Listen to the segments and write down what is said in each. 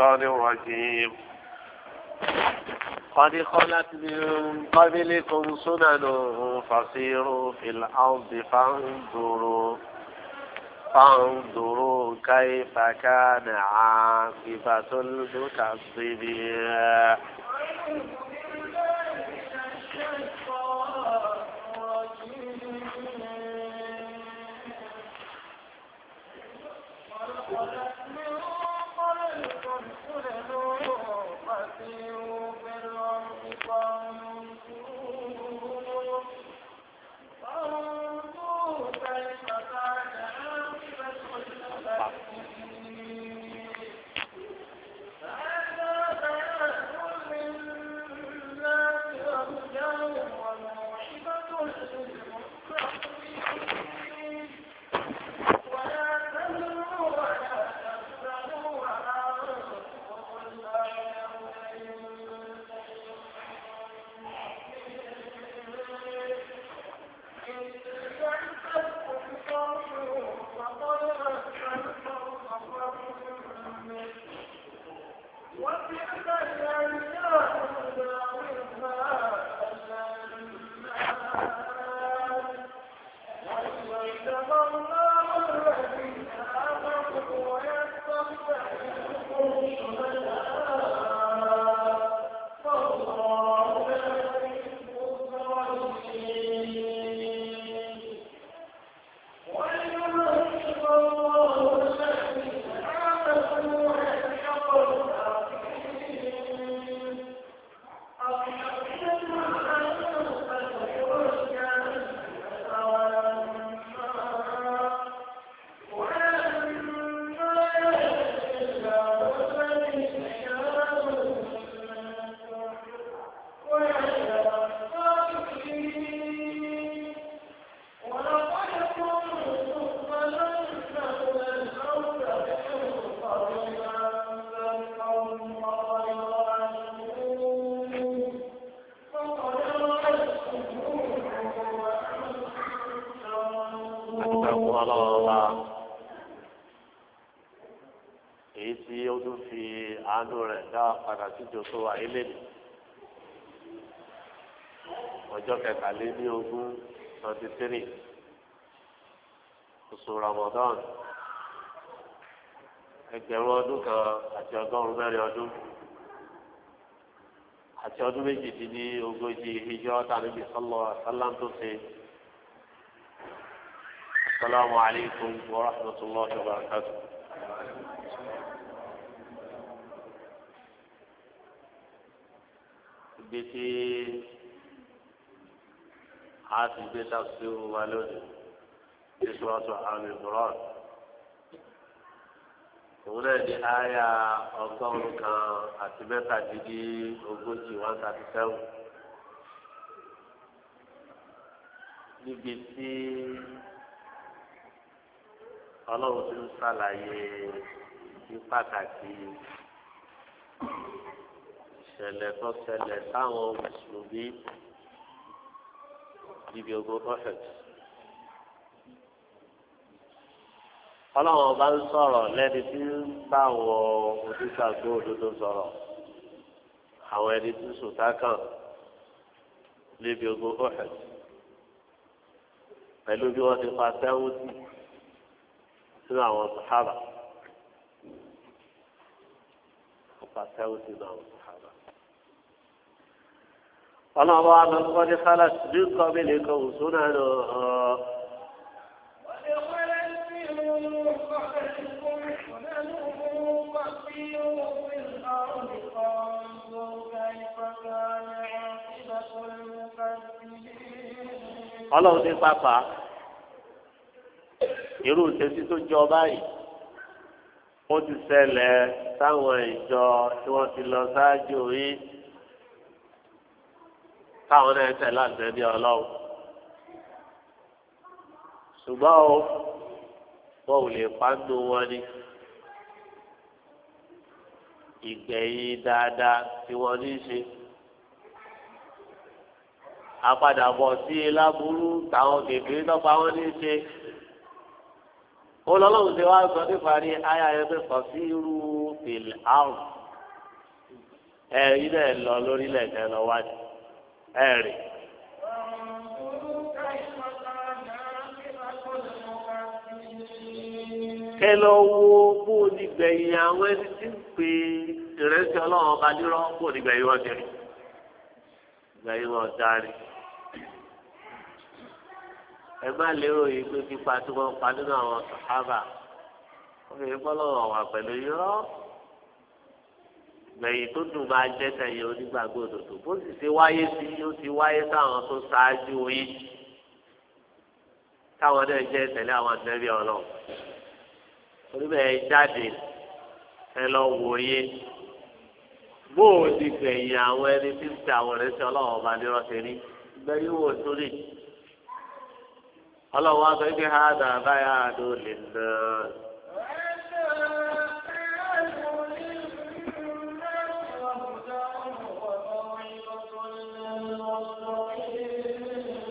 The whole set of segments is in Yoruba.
الشيطان الرجيم قد خلت من قبلكم سنن فصيروا في الأرض فانظروا فانظروا كيف كان عاقبة المكذبين padà síjọ tó wà ilé mi ọjọ́ kẹtàléní ogún twenty three oṣù Ramadan ẹgbẹ̀rún ọdún kan àti ọgọ́rùn-ún mẹ́rin ọdún àti ọdún méjìdínní ogójì ìjọ tàbí sọlọ sálám tó ṣe. السلام عليكم ورحمة الله وبركاته ti gbé tafsiru wa lónìí ní sọ́ọ̀tù àmì bùrọ́d. òun náà ní àyà ọgọ́rùn-ún kan àti mẹ́tàdínní ogójì one thirty seven. níbi tí ọlọ́run ti ń ṣàlàyé ní pàtàkì ìṣẹ̀lẹ̀ tó ṣẹlẹ̀ sáwọn mùsùlùmí níbi ogun ọ̀hẹ̀. ọlọ́run ọba ń sọ̀rọ̀ lẹ́ni tí ń bá àwọn onígbàgbọ́ òdodo sọ̀rọ̀ àwọn ẹni tí ń sùtá kàn níbi ogun ọ̀hẹ̀. pẹ̀lú bí wọ́n ti pa sẹ́wọ́tì sínú àwọn sàhábà. wọ́n pa sẹ́wọ́tì náà ọlọ́run bá wà lọ sí ọdún kálá ní kọ́bí lè kọ́ òṣùn náà lọ. ọlọ́run ní pápá irú ìṣesí tó jọ báyìí ó ti ṣẹlẹ̀ sáwọn ìjọ tí wọ́n ti lọ ṣáájú yìí táwọn náà tẹ̀ láti ẹbí ọlọ́run ṣùgbọ́n o wọn ò lè pa nínú wọn ni ìgbẹ̀yìn dáadáa tí wọ́n ní í ṣe àpadàbọ̀ sí láburú táwọn kékeré lọ́pàá wọn ní í ṣe olọ́lọ́run ti wá sọ nípa ní ayé ayẹyẹ kan sí irú fìlà àrùn ẹ̀rí náà lọ lórílẹ̀ kẹ́ lọ wájú. ẹ̀rì. kẹ lọ wo bó o ní gbẹ̀yìn àwọn ẹni tí ń pè ìrẹsì ọlọ́run ọba nírọ́ bó o ní gbẹ̀yìn wọn jẹ gbẹ̀yìn wọn dárí. ẹ má lérò yìí pé pípa pa nínú àwọn gbọ́ lọ́wọ́ wà pẹ̀lú lẹ́yìn tó dùn máa jẹ́ sẹ́yìn onígbàgbọ́ òdòdó bó sì ṣe wáyé sí ó ti wáyé sáwọn tó ṣáájú yín táwọn náà jẹ́ tẹ̀lé àwọn àtẹ́bí ọ̀nà oníbẹ̀ jáde ẹ lọ wòye bó o ti gbẹ̀yìn àwọn ẹni tí ti àwọn rẹ̀ sí ọlọ́wọ́ ọba ní rọ́ṣẹ́ rí gbẹ̀yìn wò sórí ọlọ́wọ́ aṣọ ibi ha dàbáyà àdó lè nà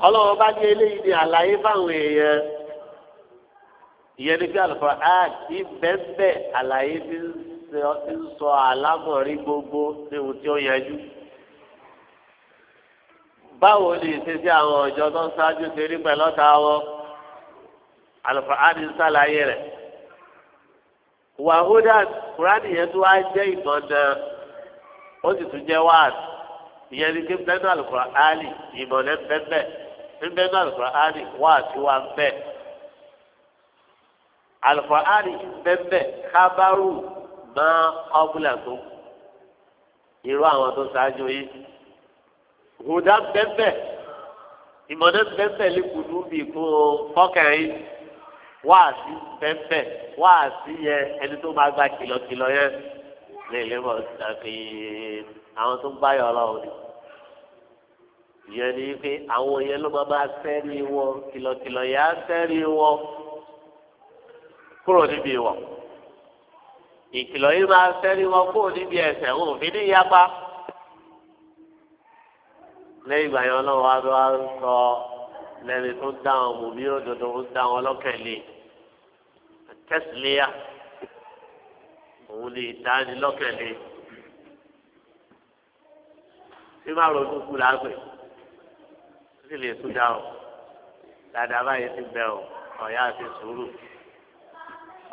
ọlọ́run bá ní eléyìí ní àlàyé fáwọn èèyàn ìyẹn ní bí àlùfáà áàd ìbẹ́ẹ̀bẹ́ àlàyé ti ń sọ àlámọ̀rí gbogbo ní ohun tí ó yanjú. báwo ni ìṣesí àwọn ọ̀jọ́ tó ń ṣáájú ṣe rí pẹ̀lú ọ̀tá wọn àlùfáà áàd ń ṣàlàyé rẹ̀. wàhódà kúránì yẹn tó wá jẹ́ ìmọ̀nà ó sì tún jẹ́ wáàd ìyẹn ní kí bẹ́ẹ̀ náà àlùfáà áàlì ìmọ̀nà bẹ́ẹ̀ bẹ́ẹ̀ níbẹ̀ náà alukur'ani wà tí wà ń bẹ̀ alukur'ani bẹ́ẹ̀ kábàrù máa ọ́bùlà tó irú àwọn tó ṣáájú yìí hùdá bẹ́ẹ̀ ìmọ̀dé bẹ́ẹ̀ lẹ́kùnú bíi kó fọ́kàrin wáàsí bẹ́ẹ̀ wáàsí yẹ ẹni tó máa gba kìlọ̀kìlọ̀ yẹn lè lè mọ̀ ṣàkíyè àwọn tó ń báyọ̀ ọlọ́run ni ìyẹn ni pé àwọn yẹn ló máa bá sẹ́rí wọn kìlọ̀kìlọ̀ yà á sẹ́rí wọn kúrò níbi wọn ìkìlọ̀ yìí máa sẹ́rí wọn kúrò níbi ẹ̀ṣẹ̀ wọn òfin ní yapa lẹ́yìn ìgbà yẹn ọlọ́run adó á sọ lẹ́ni tó dá wọn mú bí òdodo ó dá wọn lọ́kẹ̀lẹ́ tẹ́sílẹ́yà òun lè dá ní lọ́kẹ̀lẹ́ bí má ronú kú lágbèé sì lè tún dá o dáadáa báyìí ti bẹ o ọ̀yá àti sùúrù.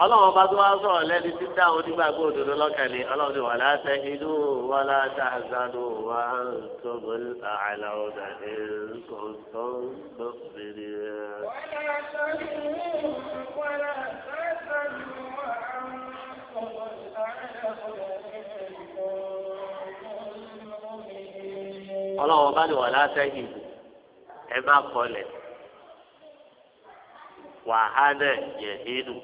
ọlọ́run ọba tó wá sọ̀rọ̀ lẹ́ni tí dá o nígbàgbọ́ òdodo lọ́kànlẹ̀ ọlọ́run ti wà láṣẹ inú wọn láṣẹ àzánú wa tó bó àlà ọ̀dà èkó tó ń bèrè. ọlọ́run ọba ni wà láṣẹ ìbò ẹ má kọlẹ̀ wàhálẹ̀ yẹ̀hínú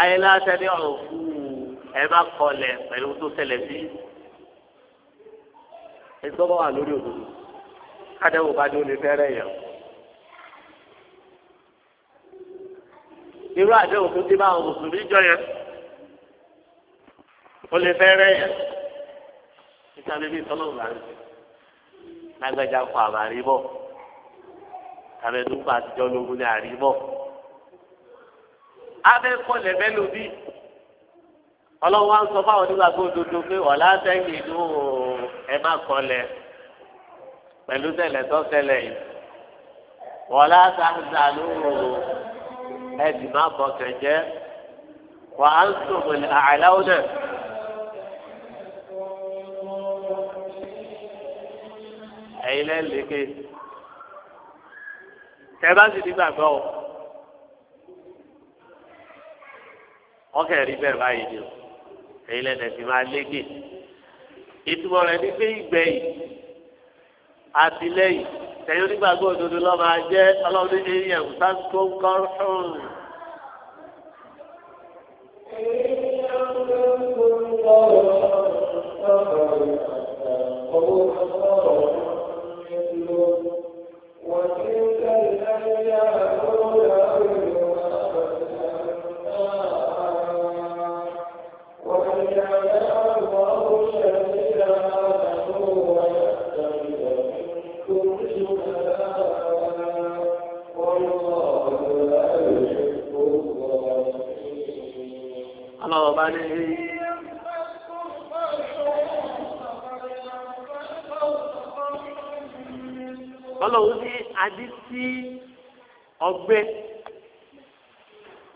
ayẹlẹ atẹni ọ̀rọ̀ fún ẹ má kọlẹ̀ pẹ̀lú tó ṣẹlẹ̀ sí ẹgbẹ́ wà lórí òdodo kádẹ́wò bá dé olè fẹ́rẹ̀ yẹn. irú àdéhùn tó ti bá àwọn mùsùlùmí jọ yẹn olè fẹ́rẹ̀ yẹn níta bíbí sọlọ́ọ̀ là ń sè lágbájá kọ àmà àríbọ̀ abẹ́dúgbò àtijọ́ lógun ní àríbọ̀ abẹ́kọ̀ lẹ́bẹ́ lóbi ọlọ́run wa ń sọ fáwọn nígbà tó dodo pé ọ̀la sẹ́yìn inú ẹ má kọlẹ̀ pẹ̀lú ṣẹlẹ̀ tó yìí ọ̀la sáńsà ló ẹ̀dì má bọ̀ kẹ̀jẹ́ wà á ń sọ̀rọ̀ àìláwọ̀ náà. ẹ̀yin lẹ́lẹ́kẹ́ tẹ́ bá sì ti gbàgbọ́ o wọ́n kẹ́ rí bẹ́ẹ̀ báyìí ni o ẹ̀yin lẹ́lẹ́ ti máa lékè ìtumọ̀ rẹ̀ ní pé ìgbẹ̀yìn àtìlẹ́yìn tẹ̀yìn onígbàgbọ́ òdodo lọ́ máa jẹ́ ọlọ́run ní ẹ̀yìn ẹ̀kúta tó ń kọ́ ọ̀hún. Thank you. àbí tí ọgbẹ́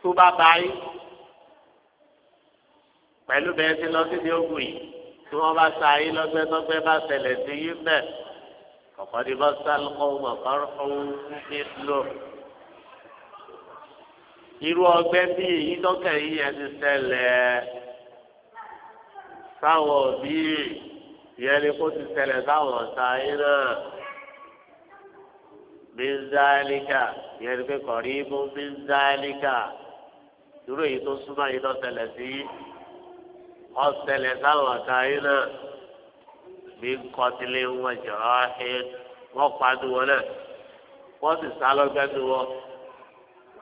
tó bá bá yín pẹ̀lú bẹ́ẹ̀ ti lọ sí ní ogun yìí tí wọ́n bá sa yín lọ́gbẹ́ lọ́gbẹ́ bá ṣẹlẹ̀ sí yín bẹ́ẹ̀ kọ̀kọ́ ni bá sálùkọ́ ọ̀kọ́ ọ̀hún ní lò. irú ọgbẹ́ bí èyí dọ́kẹ́ yìí yẹn ti ṣẹlẹ̀ sáwọn òbí yẹn ni kó ti ṣẹlẹ̀ sáwọn ọ̀sà yín náà bizalika yẹn pé kọ̀rí bó bizalika dúró yìí tó súnmọ́ yìí tó tẹ̀lẹ̀ sí ọ̀sẹ̀lẹ̀ táwọn ọ̀tá yìí náà bí kọ́tílé wọn jọ̀rọ̀ ẹ̀ wọ́n padù wọn náà wọ́n sì sá lọ́gbẹ́dù wọn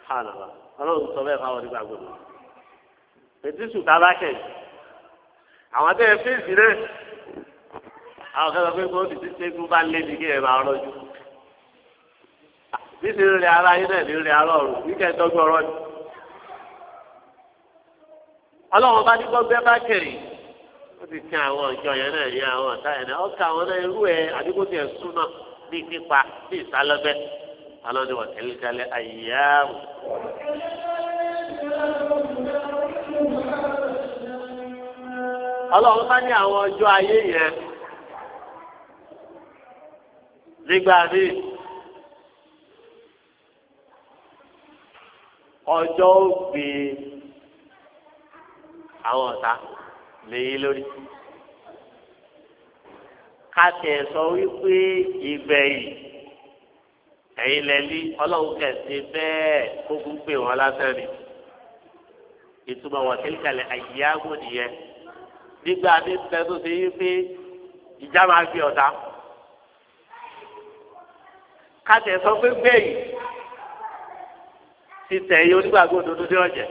hànàlá ọlọ́run sọ bẹ́ẹ̀ fáwọn nígbà gbọdọ̀ ètí sùtà bá kẹ̀ àwọn tẹ́ ẹ fèsì náà àwọn kẹ́kọ̀ọ́ pé kó o ti ṣe é kó bá lé ní kí ẹ máa rọ́jú. níbi rírẹ ara yín náà rírẹ ara ọ̀rùn níkẹ́ ìtọ́jú ọ̀rọ̀ ni. ọlọ́run bá ní gbọ́gbẹ́ bá kẹ̀rì ó ti tẹ àwọn ìjọ yẹn náà ní àwọn ọ̀tá yẹn náà ọkà àwọn náà irú ẹ àdúgbò tiẹ̀ súnà bíi pípa bíi ọlọ́run bá ní àwọn ọjọ́ ayé yẹn nígbà míì. ọjọ́ ó gbé àwọn ọ̀tá léyìn lórí ká tiẹ̀ sọ wípé ìgbẹ̀yìn ẹ̀yin lẹ́lí ọlọ́run kẹ̀sìn bẹ́ẹ̀ kó kún pé wọn lásán ni ìtumọ̀ wọn kí kalẹ̀ àyíyáwó nìyẹn nígbà tí tẹ tó ṣe yí pé ìjà máa fi ọ̀tá ká sọ pé gbẹ̀yìn títẹ̀ yìí onígbàgbọ́ òdodo dé ọ̀jẹ̀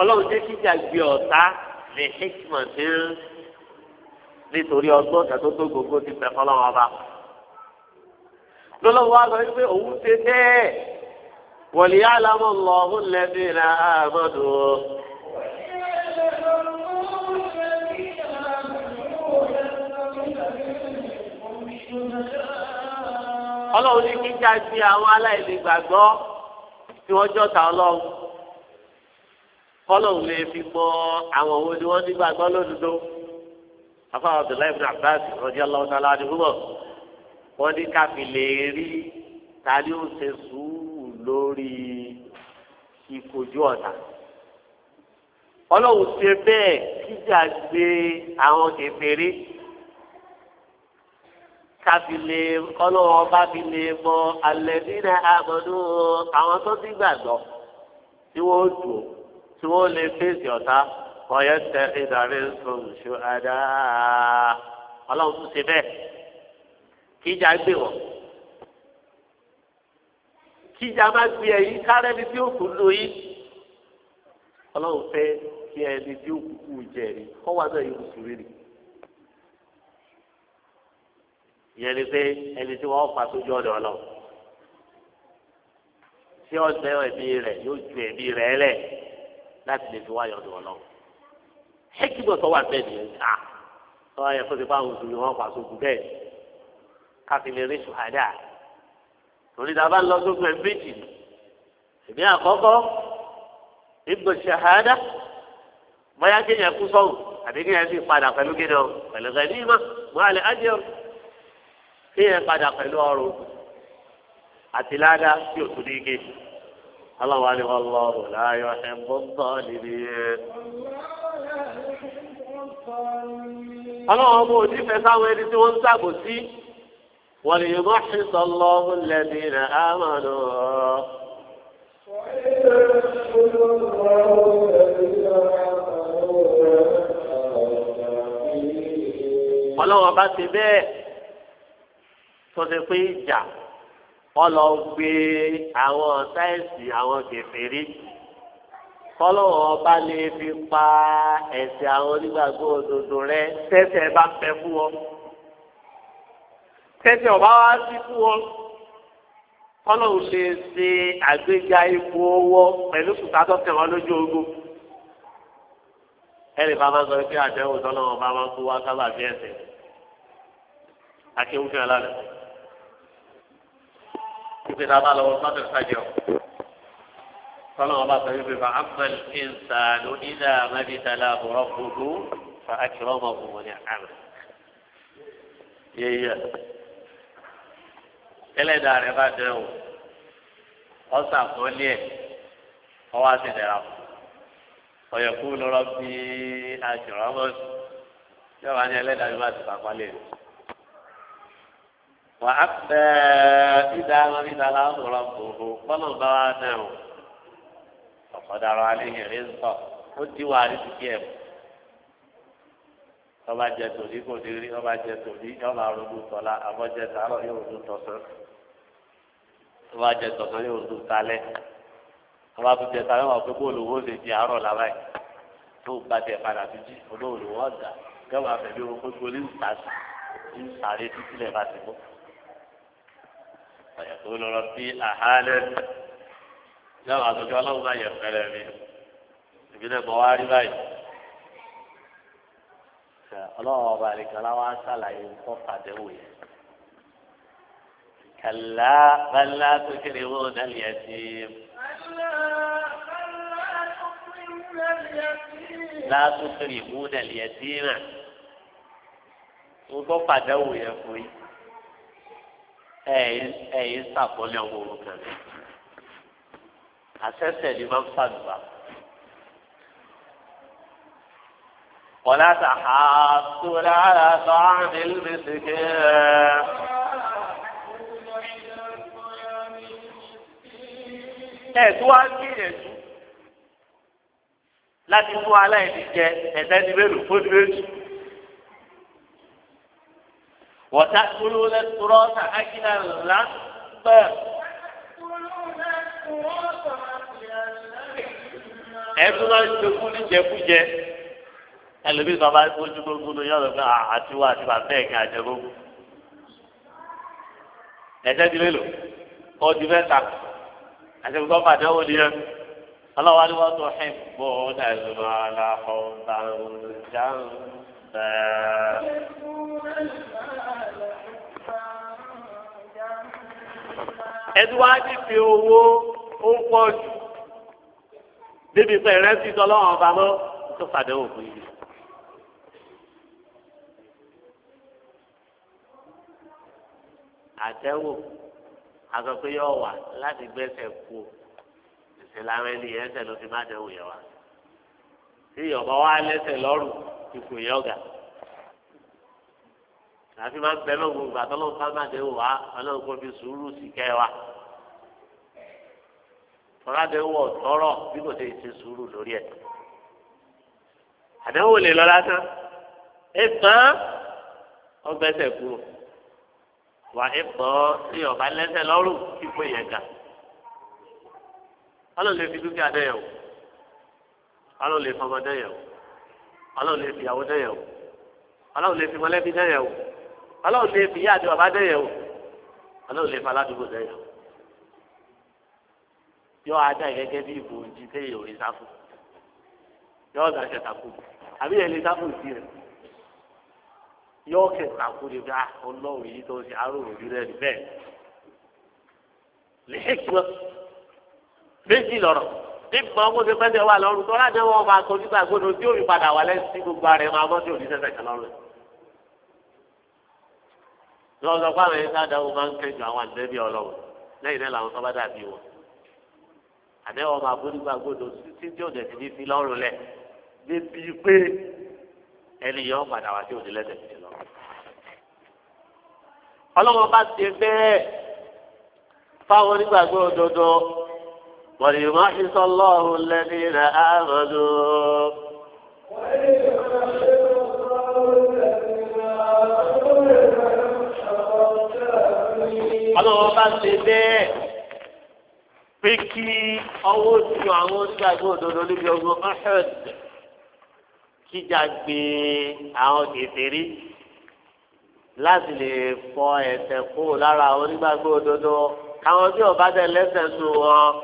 ọlọ́run jẹ́ kíjà gbé ọ̀tá ní hikman ní nítorí ọgbọ́n ọ̀tá tó tó gbogbo ti pẹ̀ fọlọ́run ọba lọ́lọ́wọ́ wa lọ wípé òun ṣe bẹ́ẹ̀ wọ̀lìyá alámọ̀ lọ́hùn lẹ́bí ra àmọ́dù. ọlọ́run ní kíjà gbé àwọn aláìlè gbàgbọ́ tí wọ́n jọ́ta ọlọ́run kọ́lọ́hún lè fi mọ àwọn wo ni wọ́n nígbàgbọ́ lódodo afáwọn abdullahi ibn abbas radiyallahu ta'ala anhuma wọ́n ní káfí lè rí tàbí ó ṣe sùúrù lórí ìkojú ọ̀tá ọlọ́run ṣe bẹ́ẹ̀ kíjà gbé àwọn kèfèrí káfi lè ọlọ́wọ́ bá fi lè mọ alẹ́ nínú àmọ́nú àwọn tó ti gbàgbọ́ tí wọ́n dùn tí wọ́n lè fèsì ọ̀tá ọ̀yẹ́ tẹ ìdarí oṣù àdá ọlọ́run tún ṣe bẹ́ẹ̀ kíjà gbé wọ́n kíjà má gbé ẹ kárẹ́ ni tí ó lò yìí ọlọ́run fẹ́ kí ẹni tí ó kù jẹ̀rí kọ́ wá náà yóò sùn rí ni. ìyẹn ni pé ẹni tí wọ́n fa sójú ọ̀dọ̀ lọ tí ọ̀sẹ̀ ẹ̀mí rẹ̀ yóò ju ẹ̀mí rẹ̀ lẹ̀ láti lè fi wáyọ̀ ọ̀dọ̀ lọ. ẹ kí wà bẹ́ẹ̀ nìyẹn ká tọ́wọ́ yẹ kó ti bá àwọn òṣèlú wọn fa sójú bẹ́ẹ̀ káfí lè rí sùhádà torí dàbá lọ sókè méjì èmi àkọ́kọ́ ìgbò sàhádà bóyá kéèyàn kú sọ́wọ́ àbí kéèyàn sì padà pẹ̀lú kéèyàn pẹ̀lú kéèyàn padà pẹ̀lú ọrùn àti ládá tí ò tún ní ike aláwa ni wọn lọ rò láàyò ẹ̀bùn tọ́ níbi ẹ̀. ọlọ́wọ́n ọmọ òdìfẹ́ sáwọn ẹni tí wọ́n ń sàbò sí wọ́n lè yọ̀gbọ́n ṣe sọ lọ́hùn lẹ́ni rẹ̀ ámàlú. ọlọ́wọ́n bá ti bẹ́ẹ̀ tọ́sí pé ìjà ọlọ gbé àwọn sáyẹ̀nsì àwọn kẹfẹ́rí kọ́lọ́wọ́ bá lè fi pa ẹ̀sìn àwọn onígbàgbọ́ òdodo rẹ tẹ́tẹ́ bá pẹ́ fún wọn tẹ́tẹ́ ọba wá sí fún wọn kọ́lọ́wọ́ lè ṣe àgbéga ipò owó pẹ̀lú kùtàtọ̀ tẹ̀wọ́n lójú ogun ẹ̀rì bá máa ń sọ pé àdéhùn tọ́lọ́wọ́ bá máa ń kó wá sábà bí ẹ̀sìn akéwùfẹ́ lálẹ́ ìpè tá a bá lọ wọ sọ́dọ̀ sájọ. sọ́lọ́wọ́ bá sọ wípé fa amẹ́lì ìnsà ló nílà mẹ́bìtàlá àbúrọ̀ gbogbo fa akérò ọmọ ògùn ní àmì. yẹ́yẹ́ ẹlẹ́dàá rẹ̀ bá dẹ̀ o ọ̀sà àkọọ́lẹ̀ ẹ̀ ọwọ́ àti ìdẹ̀ra ọ̀yẹ̀kú lọ́rọ́ bí akérò ọmọ yọ̀wá ní ẹlẹ́dàá rẹ̀ bá ti pàpà lẹ́yìn wà á fẹ́ ìdá wọn ìdá láwọn ọ̀rọ̀ gbogbo kọ́nà bá wà náà o ọ̀kọ̀dàrọ̀ aléyìn rí ńkọ̀ ó ti wà ní títí ẹ̀ ọba jẹ tòdí kò ní rí ọba jẹ tòdí ọba ronú tọ́lá abọ́jẹ tààrọ̀ yóò ronú tọ̀sán ọba jẹ tọ̀sán yóò ronú talẹ́ ọba tó jẹ talẹ́ wà pé bóòlù wo lè di àárọ̀ làbáyé tó bá tẹ̀ padà tó jí olóòlù wọ́n gà kẹ́wàá fẹ̀mí wọn pé gbólé ń sàárè títí lẹ̀ bá ti mọ́. فيقول ربي أهانن لا أتوقع له ما يفعل به ìbílẹ̀ bọ̀wárí báyìí ọlọ́wọ́ ọba àlìkàlá wa ń ṣàlàyé nǹkan fàdéwò yẹn kàlá bàlá tó kéré wó nàlì ẹtì látó kéré wó nàlì ẹtì náà nǹkan fàdéwò yẹn fún yìí ẹ̀yìn sàkọlẹ̀ ọmọ orúkọ rẹ̀ àṣẹṣẹ ni máa ń fàdùbà. ولا تحاضون على طعام المسكين ẹ̀tún wá gbìyànjú láti fún aláìní jẹ ẹ̀dá ẹni mélòó fún ẹni وتأكلون التراث أكلا لما ẹtù náà jẹkú ní jẹkújẹ ẹlòmíì sọ ma fojú gbogbo ní yọrọ pé àtiwá àti bàbá ẹ̀ka àjẹgbogbo ẹ̀jẹ̀ ti lélo ọdún mẹ́ta àti gbogbo ọmọ àdéhùn nìyẹn ọlọ́wọ́ ni wọ́n tó hẹ́ẹ̀ bọ́ọ̀dà ìlú aláhùn bàrùn jáàrùn. حبا ẹdúwájú fi owó ó ń pọ̀ jù débi pé ìrẹsì tọ́lọ́wọ́n ọba mọ́ tó fàdéhùn fún yìí. àtẹ̀wò àgbà pé yọ wà láti gbẹ́sẹ̀ kú ìṣẹ̀lẹ̀ àwọn ẹni ẹ̀ṣẹ̀ ló fi má dẹ̀wò yẹ wa. tí ìyọ̀bọ wa lẹ́sẹ̀ lọ́rùn. ipò ìyá ọ̀gá àfi máa ń bẹ lọ́wọ́ gbà sábàdé wà wa tọ́ládéwọ̀ tọ́rọ̀ bí kò tẹ̀ ṣe sùúrù lórí ẹ̀ àdéhùn lè lọ lásán ẹ̀tàn ọgbẹ́sẹ̀ kúrò wà ẹ̀pọ̀ tí ọ̀bá lẹ́sẹ̀ lọ́rùn kíkó gà lè fi dúkìá ọlọ́run lè fi ìyàwó dẹ́yẹ̀ o ọlọ́run lè fi mọ̀lẹ́bí dẹ́yẹ̀ o ọlọ́run lè fi ìyá àti bàbá dẹ́yẹ̀ o ọlọ́run lè fi aládùúgbò dẹ́yẹ̀ o yọ ada gẹ́gẹ́ bí ìbò ojì téyè ò lè sáfù yọ ọ̀dà kẹtàkù àbí ẹ̀ lè sáfù sí rẹ̀ yọ kẹtàkù lè bá ọlọ́run yìí tó ṣe arúgbó bí rẹ̀ bẹ́ẹ̀ lè hẹ́kì wọn méjì lọ́rọ̀ nígbà wọn ṣe fẹsẹ̀ wà lọ́rùn tó láti wọn máa kọjú sí àgbọ̀dọ̀ tí òbí padà wà lẹ́sìn tí gbogbo ara ẹ̀ máa bọ́ sí òbí sẹ̀sẹ̀ kan lọ́rùn. lọ́wọ́ fáwọn ẹni sáà dáwọ́ máa ń kẹjọ àwọn àdébí ọlọ́run lẹ́yìn náà làwọn sọ́bàdà bí wọn. àdéhùn máa bó nígbà gbọ́dọ̀ títí tí òde ti fi lọ́rùn lẹ̀ débi pé ẹni padà wá sí òde lẹ́sẹ̀ ti lọ́rùn. ọlọ́wọ́n bá ti bẹ́ẹ̀ fáwọn onígbàgbọ́ òdodo وليمحص الله الذين آمنوا ọlọ́wọ́ bá ṣe bẹ́ẹ̀ pé kí ọwọ́ ju àwọn onígbàgbọ́ òdodo níbi ogun ọ̀hẹ́d kíjà gbé àwọn kèfèrí láti lè fọ ẹ̀ṣẹ̀ kúrò lára onígbàgbọ́ òdodo káwọn tí ọba tẹ̀ lẹ́sẹ̀ sùn wọn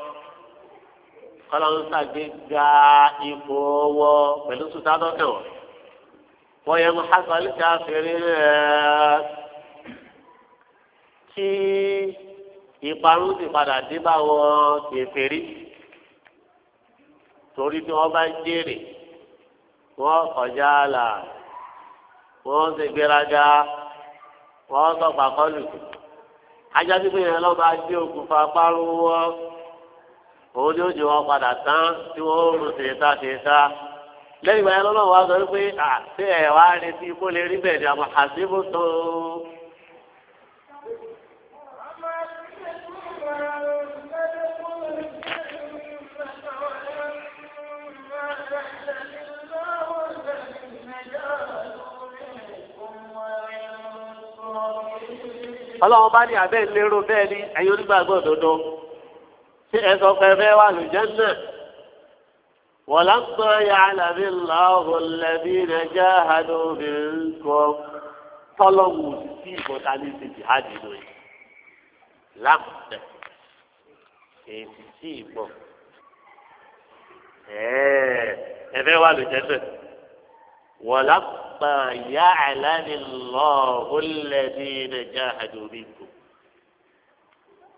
kọ́láwọn ṣàgbéga ipò ọwọ́ pẹ̀lú sùtá lọ́kàn wọ̀. wọ́n yẹ mú hasali káfíìrì rẹ̀ kí ìparun ti padà dé bá wọn kèfèrí torí bí wọ́n bá ń jèrè wọ́n kọjá là wọ́n ṣe gbéraga wọ́n sọ̀pà kọlù. ajá yẹn lọ́ba dé okùnfà parun wọn. òun ni ó jẹ wọn padà tán tí wọn ó rún ṣèta ṣèta lẹ́yìn ìgbà yẹn lọ́nà wa sọ pé àti ẹ̀ wá retí kó lè rí bẹ́ẹ̀ ni àmọ́ àṣìbò tó. ọlọ́run bá ní abẹ́ lérò bẹ́ẹ̀ ni ẹ̀yin onígbàgbọ́ òdodo. tí ẹ sọ pé fẹ́ wà lùjẹ́ náà. ولما يعلم الله الذين جاهدوا منكم tọ́lọ́wù sí ìbọ̀tà ní ti jihadi lóye lápẹ̀ èsì sí ìbọ̀ ẹ̀fẹ́ wà ló jẹ́sẹ̀ wọ̀lápà yá àlàní lọ́ọ̀hún lẹ́ni nàìjíríà àdúgbò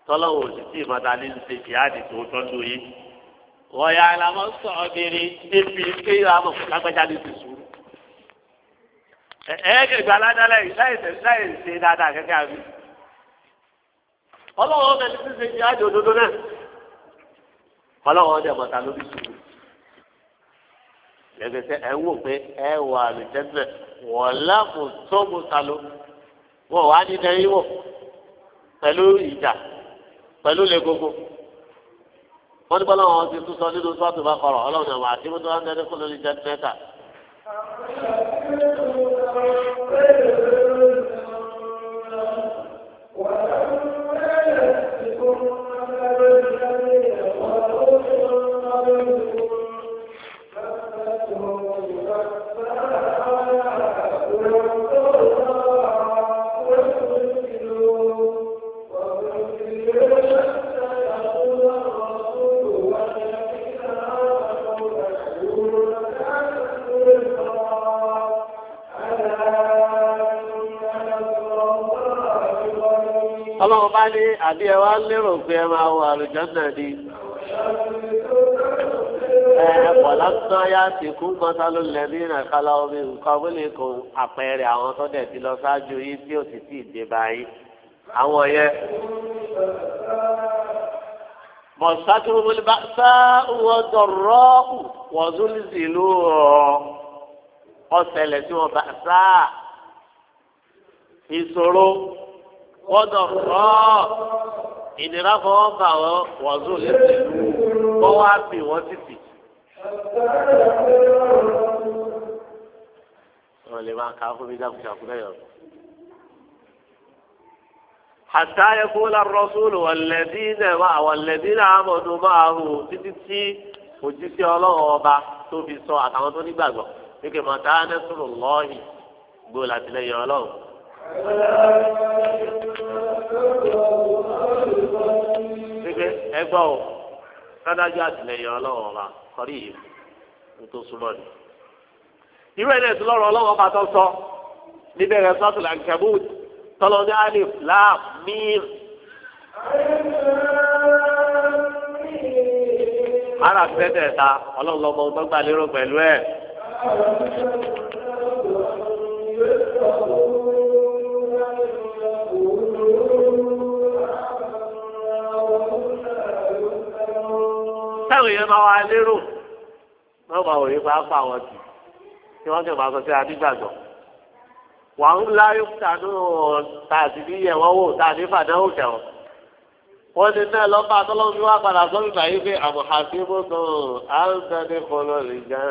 tọ́lọ́wọ́ òṣìṣẹ́ ìbọ̀dà ní ṣe jihadi tó tọ́jú yìí. wọ́n yà á lámọ́ sọ̀rọ̀ bèrè lágbájá ní ti sùn. ẹ̀ẹ́dẹ̀ gba aládàlẹ̀ láì ṣe dáadáa kẹ́kẹ́ àbí. ọlọ́wọ́ ọ̀bẹ ti ṣe jihadi òdodo náà. ọlọ́wọ́ ló sùn. wò pé ẹ wà pẹ̀lú ìjà pẹ̀lú lè gbogbo wọ́n ní bọ́lá wọn ti tún sọ nínú sọ́ọ̀tù bá kọ̀rọ̀ ọlọ́run àwọn àti mọ́tò wọn ń dẹ́rẹ́ kó lórí jẹ́ àbí ẹ wá lérò pé ẹ máa wọ àlùjọ́nà ni. ẹ ẹ̀pọ̀ lásán yá ti kú mọ́sáló lẹ́bí ìrìnàkálá omi nǹkan wílé kò àpẹẹrẹ àwọn tó dẹ̀ ti lọ ṣáájú yìí tí ò sì tí ì báyìí. àwọn yẹn. mọ̀sákìrì wọlé bá sá wọ́n dọ̀rọ́ wọ́n tún sì lù ọ̀sẹ̀lẹ̀ tí wọ́n bá sá ìṣòro wọ́dọ̀ rọ́ ìnira fọwọ́ bà wọ́n wọ́zù lẹ́sẹ̀ kọ́ wá bì wọ́n títì. wọ́n lè máa kà á fún mi jákujàku lẹ́yìn ọ̀rọ̀. حتى يقول الرسول والذين مع والذين آمنوا معه títí tí òjíṣẹ́ ọlọ́run ọba tó sọ àtàwọn tó nígbàgbọ́ pé kí mọ̀tá nẹ́sùrù lọ́ọ̀hìn gbó làtìlẹ́yìn ọlọ́run Gbígbé ẹgbọ́ o, kádájọ́ àtìlẹyìn ọlọ́wọ́ ọba kọrí yìí ní tó súnmọ́ ni. Irú ẹ̀ náà lọ́rọ̀ ọrụ ọba tó sọ níbẹ̀rẹ̀ sọ́tùlà nkẹ́bùt tọ́lọ́ ní alif láàm míìm. Ara fẹ́tẹ̀ẹ̀ta ọlọ́ọ̀lọ́mọ ọgbọ́n gbà lérò pẹ̀lú táwọn èèyàn máa wá lérò wọ́n máa wòye pa ápá àwọn tì tí wọ́n sì máa sọ sí adígbàgbọ́. wà ń láyé tànú tàbí níyẹ̀ wọ́n wò tàbí fàdánwò kẹwọ́n. wọ́n ti náà lọ́ba tọ́lọ́mí wá padà sọ́mi báyìí pé àmọ̀hàsí mọ́tò àǹtẹ̀ni kọlọ́ọ̀lì jẹ́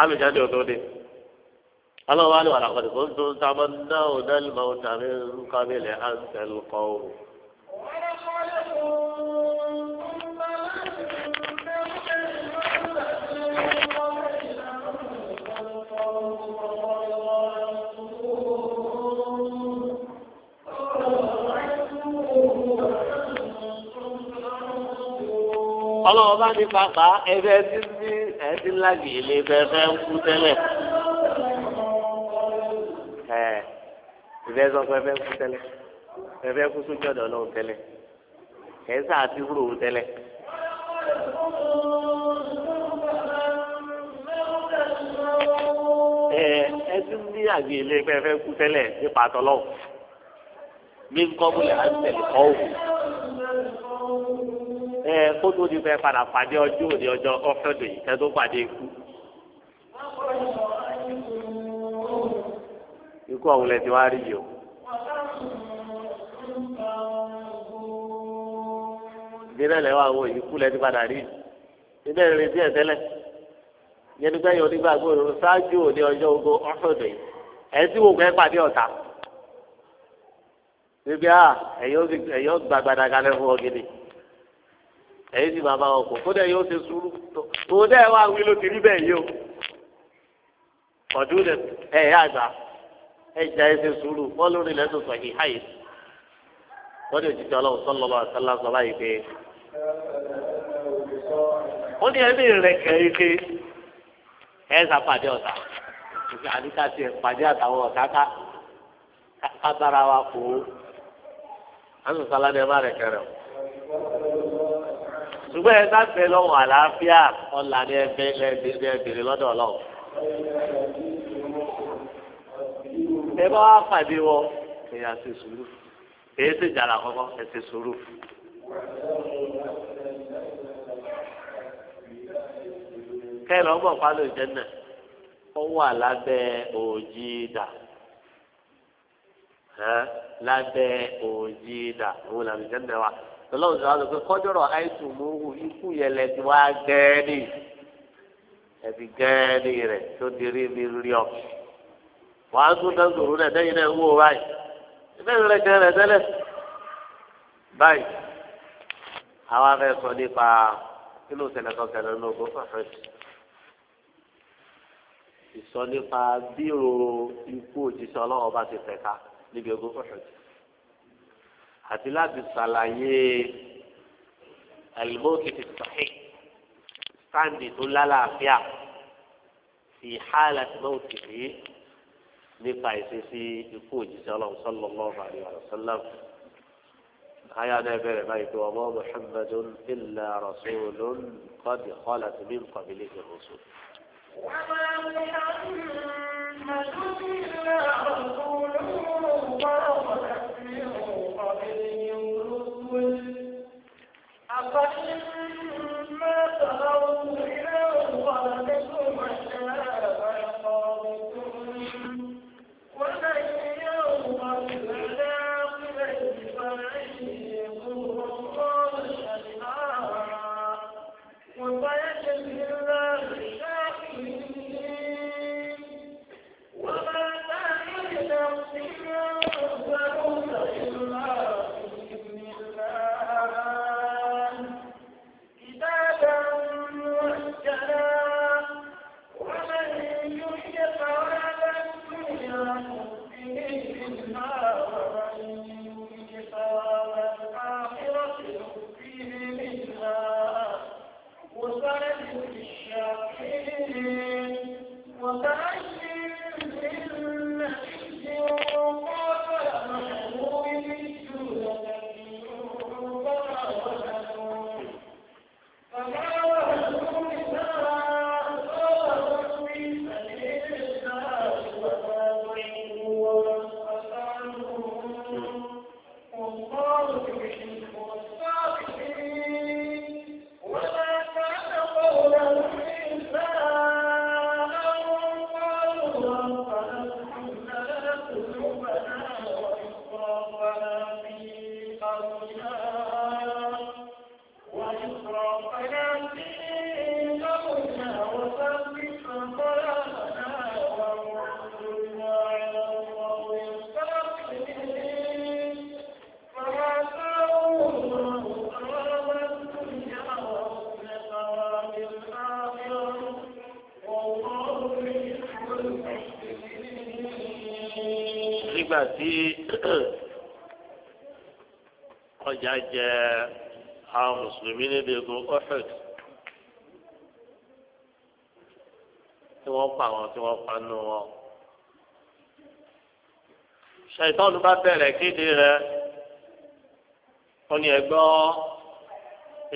alùjáde ò tó dé ọlọ́wọ́ alùwà làkọ̀dé kó tó ń sábà náà ò dá lùmọ̀ ò tàbí nǹkan bí ilẹ̀ ánsẹ̀ lùkọ́ o. ọlọ́wọ́ bá ní pàpà ẹgbẹ́ tí ń bí ẹ ti lágì ilé fẹ́fẹ́ ń kú tẹ́lẹ̀ ẹ ìfẹ́ sọ pé fẹ́ ń kú tẹ́lẹ̀ fẹ́fẹ́ kú sójú ọ̀dọ̀ ọlọ́run tẹ́lẹ̀ ẹ sáà ti wúrò wú tẹ́lẹ̀. ẹ ti ń ní àgbè ilé fẹ́fẹ́ kú tẹ́lẹ̀ nípa tọ́lọ́wọ́ mi ń kọ́ bó á tẹ̀lé kọ́ òkú ẹ kó tó di fẹ́ padà pàdé ọjọ́ òde ọjọ́ ọ̀fẹ́dọ̀ yìí kẹ́ tó pàdé ikú. ikú ọ̀hún lẹ ti wá rí yìí o. ìdílé lẹ́wọ̀ àwọn ìkú lẹ ti padà rí ìdílé rẹ̀ sí ẹ̀tẹ́lẹ̀ yẹnu gbẹ̀yìn onígbàgbọ́ òru ṣáájú òde ọjọ́ ogo ọ̀fẹ́dọ̀ yìí ẹ̀ sì wò kẹ́ pàdé ọ̀tá níbi à ah, ẹ̀yọ́ gbàgbàdàgalẹ̀ fún ọ gidi. ẹ̀yin sì bàbá wọn kò kódà yóò ṣe sùúrù tó dẹ́ wá wí ló ti rí o lẹ ẹ̀ ẹ̀ àgbà ẹ̀ jà ẹ̀ ṣe sùúrù lórí lẹ́tọ̀ sọ yìí háyè wọ́n lè jíjọ ọlọ́run sọ́lọ́ lọ́wọ́ àtàlà sọ báyìí pé ẹbí sàpàdé ọ̀tá àdìsá pàdé ọ̀tá ká kábàárà wa àwọn ṣùgbọ́n ẹ sáfẹ́ lọ́wọ́ àlàáfíà ọ̀là ni ẹ bèrè lọ́dọ̀ ọlọ́wọ́. ẹ bá wá pàdé wọ ẹ̀yà ṣe sùúrù èyí ṣe jàrà kọ́kọ́ ẹ ṣe sùúrù. kẹ́lọ́ bọ̀ pálọ̀ ìjẹ́nà ó wà lábẹ́ òjì dà lábẹ́ òjì dà òun làbìjẹ́nà wà tọ́lọ́wọ́ sọ àlọ́ pé kọ́jọ́rọ̀ àìsùn mòówù ikú yẹlẹ ti wá gẹ́ẹ́dì ẹ̀bí gẹ́ẹ́dì rẹ̀ tó di rí mi rí ọ. wàá tún dáńgòrò náà lẹ́yìn náà wó báyìí ìbéèrè rẹ̀ jẹ́ rẹ̀ tẹ́lẹ̀ báyìí àwa fẹ́ sọ nípa kílò tẹ̀lẹ̀ kan ní ogun fàfẹ́ ìsọ nípa bí irú ikú òjíṣẹ́ ọlọ́wọ́ bá ti fẹ̀ ká níbi ogun fàfẹ́ àti láti ṣàlàyé alimokiti sahih sáǹdì tó lálàáfíà fi hàlà tí wọn ti rí nípa ìṣesí ikú òjíṣẹ́ Ọlọ́run sallallahu alaihi wa sallam aya náà bẹ̀rẹ̀ báyìí pé ọmọ muhammadun illa rasulun qad khalat min qablihi rusul. وما محمد إلا رسول قد فإما ترون mùsùlùmí níbi ètò ọ̀hẹ́d tí wọ́n pa àwọn tí wọ́n pa nù wọn. ṣàìtọ́nù bá bẹ̀rẹ̀ kéde rẹ̀ wọ́n ní ẹgbọ́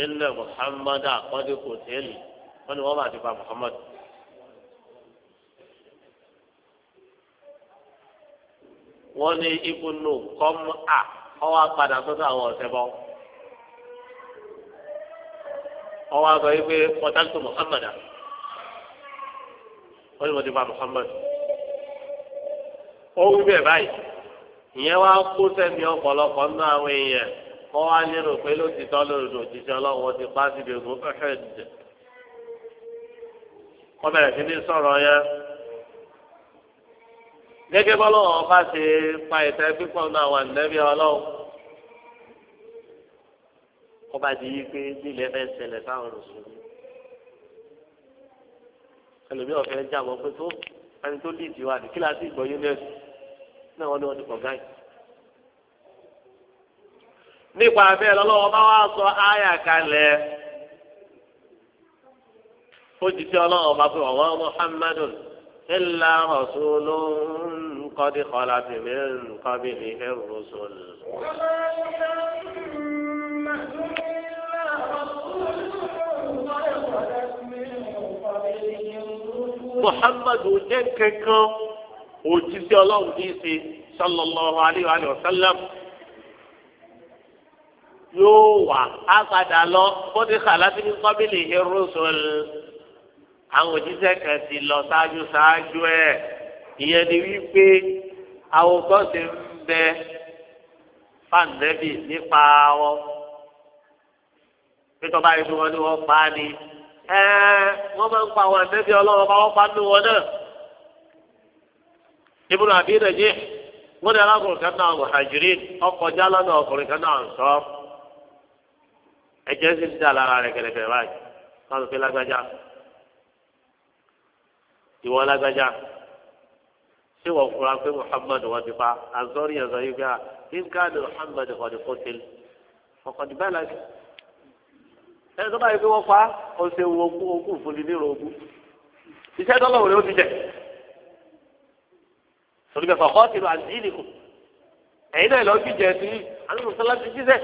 ilẹ̀ muhammad àkọ́dé kò tẹ́lì wọ́n ní wọ́n bá ti pa muhammad. wọ́n ní ibùnú kọ́m à ọwọ́ apàdà sọ́dọ̀ àwọn ọ̀sẹ̀ bọ́. ọwọ́ àgbà yìí pé pọtàkì Muhammad wọ́n ní wọ́n ti pa Muhammad ó wí bẹ́ẹ̀ báyìí ìyẹn wá kó sẹ́mi ọ̀pọ̀lọpọ̀ nínú àwọn èèyàn kọ́ wá lérò pé ló ti tọ́ lòdò òjíṣẹ́ ọlọ́run ti pa síbi ògùn fẹ́fẹ́ wọ́n bẹ̀rẹ̀ sí ní sọ̀rọ̀ yẹn gẹ́gẹ́ bọ́lọ́wọ́ bá ṣe pa ìtẹ́ pípọ̀ náà wà nẹ́bí ọlọ́run kọba di yí pé lílẹ̀ fẹ́ ṣẹlẹ̀ fáwọn mùsùlùmí ẹlòmí ọ̀fẹ́ jàmọ̀ pé tó ẹni tó lì tiwa ní kíláàsì ìgbọ́ yúnẹ́sì náà wọ́n ní wọ́n ti kọ̀ gáì. nípa abẹ́ lọ́lọ́wọ́ bá wá sọ áyà kalẹ̀ ó ti tí ọlọ́wọ́ bá fún ọ̀wọ́ muhammadun illa rasulun qad khalat min qablihi ar-rusul muhammadu jẹ́ kankan òjíṣẹ́ ọlọ́run ní í ṣe sallallahu alayhi wa sallam yóò wà á padà lọ kódé kàlábí ní kọ́bílì irúsọ̀l àwọn òjíṣẹ́ kan ti lọ ṣáájú ṣáájú ẹ̀ ìyẹn ni wípé àwòkọ́ ti ń bẹ fàǹdẹ́bì nípa wọn pété ọba yìí wọn ni wọn pa á ni ẹ wọn máa ń pa àwọn àtẹ́bí ọlọ́wọ́ bá wọn pa nínú wọn náà ibùdó àbí ìdẹ̀jì wọn ni alákùnrin kan náà mùhàjírí ọkọjá lọ́nà ọkùnrin kan náà ń sọ ẹ̀jẹ̀ sì ń dà lára rẹ̀ kẹ̀lẹ̀kẹ̀ báyìí káwọn fi lágbájá ìwọ lágbájá ṣé wọn fura pé Muhammad wọn ti pa azọrí ẹzọ yìí bí i nǹkan ni Muhammad kò ní kó tẹlẹ ọkọ ní bẹ́ẹ̀ lágbájá ẹni tó bá yẹ pé wọ́n pa ó ṣe wo okú òfúnni nírò iṣẹ́ dọ́lọ́wọ́ rẹ̀ ó ti jẹ torí bẹ́ẹ̀ fọ̀kọ́ ti lọ àdínì kù ẹ̀yin náà lọ́ọ́ jíjẹ sí àdúgbò sọlá ti jíjẹ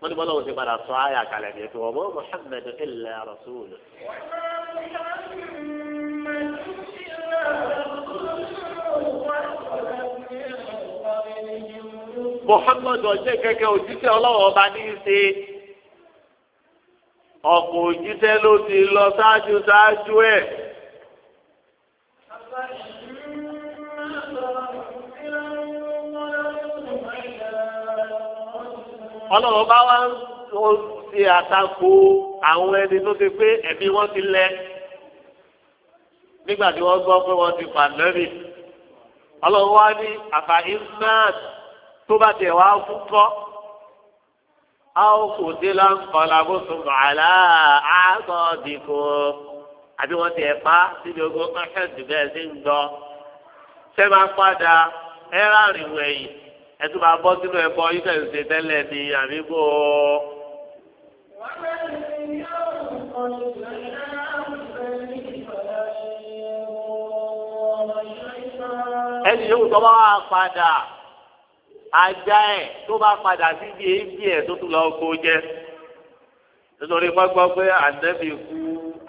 wọ́n ní bọ́lá òsè padà sọ ayé àkàlẹ̀ ní ètò ọmọ Muhammad ilẹ̀ rasulu. Muhammad ọjọ́ kẹ́kẹ́ òjíṣẹ́ ọlọ́wọ́ ọba ní í ṣe ọ̀pọ̀ òjíṣẹ́ ló ti lọ ṣáájú ṣáájú ẹ̀. ọlọ́run bá wá ń ṣe àtakò àwọn ẹni tó ti pé ẹ̀mí wọn ti lẹ nígbà tí wọ́n gbọ́ pé wọ́n ti pàǹdẹ́rì ọlọ́run wá ní àfàìmọ́ tó bá tẹ̀ wá fún kọ́ aw kò dé lánkọ́lá bó tún bàálà àtọ̀ dìbò àbí wọ́n ti ẹ̀ pa síbi ogun ọ̀hẹ́ dùgbẹ́ ẹ̀ sí ń gbọ́. ṣé máa padà ẹ ráàrin wẹ̀yìn ẹ tún máa bọ́ sínú ẹ̀kọ́ yìí fẹ́ẹ́ ṣe tẹ́lẹ̀ ní àbí bò ẹni yóò tọ́ bá wà padà. ajá e, tó bá padà ibi èébì ẹ̀ tó tún lọ kó jẹ nítorí gbọ́gbọ́ pé ànẹ́bí kú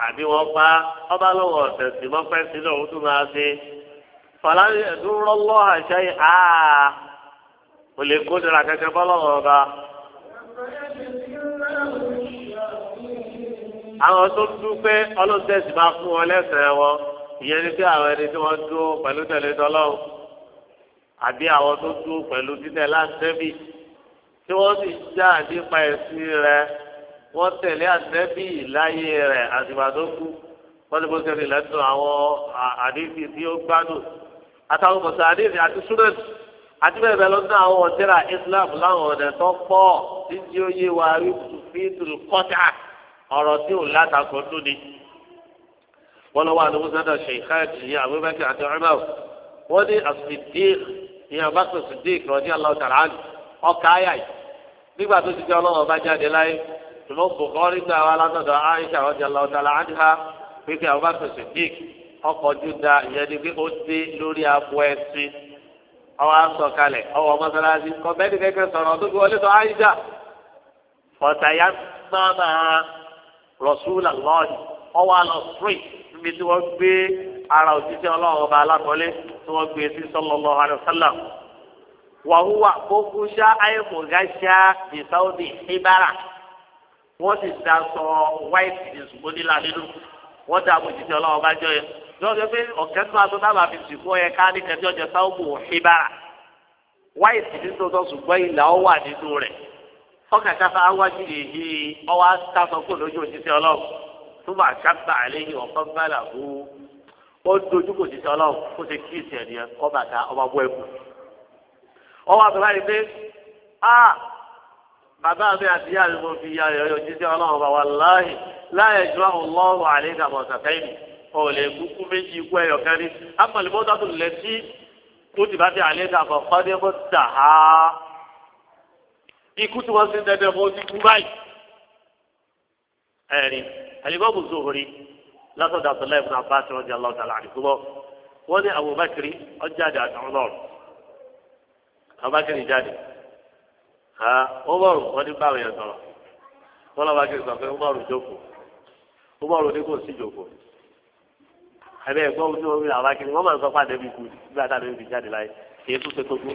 àbí wọ́n pa ọba lọ́wọ́ ọ̀sẹ̀ sí mọ́pẹ́ òun tún máa ṣe fàlàyé ẹ̀dúnrọ́lọ́ àṣẹ àá kò lè kó nira kẹ̀kẹ́ bọ́lọ́wọ́ ọba. àwọn tó dúpẹ́ ọlọ́sẹ̀ máa fún wọn lẹ́sẹ̀ wọn ìyẹn ni pé àwọn ẹni tí wọ́n dúró pẹ̀lú tẹ̀lé tọ́lọ́wọ́. àbí àwọn tó dúró pẹ̀lú títẹ̀ láńtẹ́bì tí wọ́n sì já nípa ẹ̀sìn rẹ̀ wọ́n tẹ̀lé àtẹ́bì láyé rẹ̀ àtìgbà tó kú wọ́n ti bó ṣe rìn lẹ́nu àwọn àdéhìí tí ó gbádùn àtàwọn mọ̀tò àdéhìí àti súrẹ́tì àti bẹ́ẹ̀ bẹ́ẹ̀ lọ́dún àwọn ọ̀tẹ́ra Islam láwọn ọ̀dẹ̀ tó pọ̀ títí ó yé wa rí fíìtìl kọ́tà ọ̀rọ̀ tí ò látakò tó ni. wọ́n lọ wá àdúgbò sẹ́dọ̀ ṣèkháàtì ní Abubakar àti Umar wọ́n ní àsìdíkì ìyẹn ọba sọ Siddiq radiyallahu ta'ala anhu ọkà ayà yìí nígbà tó ti jẹ́ ọlọ́run ọba jáde láyé ṣùgbọ́n Bukhari gbà wá látọ̀dọ̀ Aisha radiyallahu ta'ala anha pípẹ́ ọba sọ Siddiq ọkọ̀ júdà ìyẹn ni pé ó dé lórí abo ẹsìn ọwọ́ aṣọ kalẹ̀ ọwọ́ mọ́sálásí kọ́mẹ́tì kẹ́kẹ́ sọ̀rọ̀ tó fi wọlé sọ Aisha ọ̀tàyà mọ́mọ́ Rasulullah ọwọ́ alọ́ street níbi tí wọ́n tí wọ́n gbé sí sallallahu alaihi wasallam wàhùwà kókó ṣá àìmọ̀gá ṣá ní Saudi ibara wọ́n sì da sọ white ìṣubú nílá nínú wọ́n dà bó jìjọ ọlọ́wọ́ bá jọ yẹn lọ́dọ̀ pé ọ̀kẹ́ tó aṣọ dábàá fi sìnkú ọ̀yẹ ká ní kẹjọ jẹ Saudi ibara white nítòótọ́ ṣùgbọ́n ìlà ọ wà nínú rẹ̀ ọkà káfa awájú yìí ọwọ́ á sá sọ kó lójú òṣìṣẹ́ ọlọ́run tó bá ṣàgbà àléyìn ọ̀kan bá ó dojú kò sí sọlọ kó ṣe kí ìsìn ẹ̀nìyàn kọ́ bàtà ọba bọ́ ẹ̀kú. ọwọ́ àgbàlá yìí pé a bàbá mi àti ìyá mi mo fi ya rẹ̀ ọyọ̀ jíjẹ́ ọlọ́run bá wà láàyè láàyè ju àwọn ọlọ́run àlẹ́ ìdààmú ọ̀sàfẹ́yìn ò lè kúkú méjì ikú ẹ̀yọ̀ kẹrin amọ̀lẹ́mọ́tò tó lẹ̀ sí tó ti bá ti àlẹ́ ìdààmú ọ̀kọ́dẹ́mọ́ tà á ikú tí wọ́n ti dẹ́dẹ́ mọ́ ti kú báyìí ẹ̀rín àlẹ́ látọ̀dọ̀ abdullahi ibn abbas rọ́jà allah ta'ala àdìgbò wọ́n ní abubakar ọjáde àtàwọn lọ́rùn abubakar jáde wọ́n bọ̀rù wọ́n ní báwọn yẹn sọ̀rọ̀ wọ́n lọ́ba kiri sọ pé wọ́n bọ̀rù jókòó wọ́n bọ̀rù ní kò sí jókòó àbẹ ẹ̀gbọ́n ojú omi àwọn akiri wọ́n máa ń sọ pé àdébí kú nígbà tá a lè fi jáde láyé kì í tún ṣe tó kú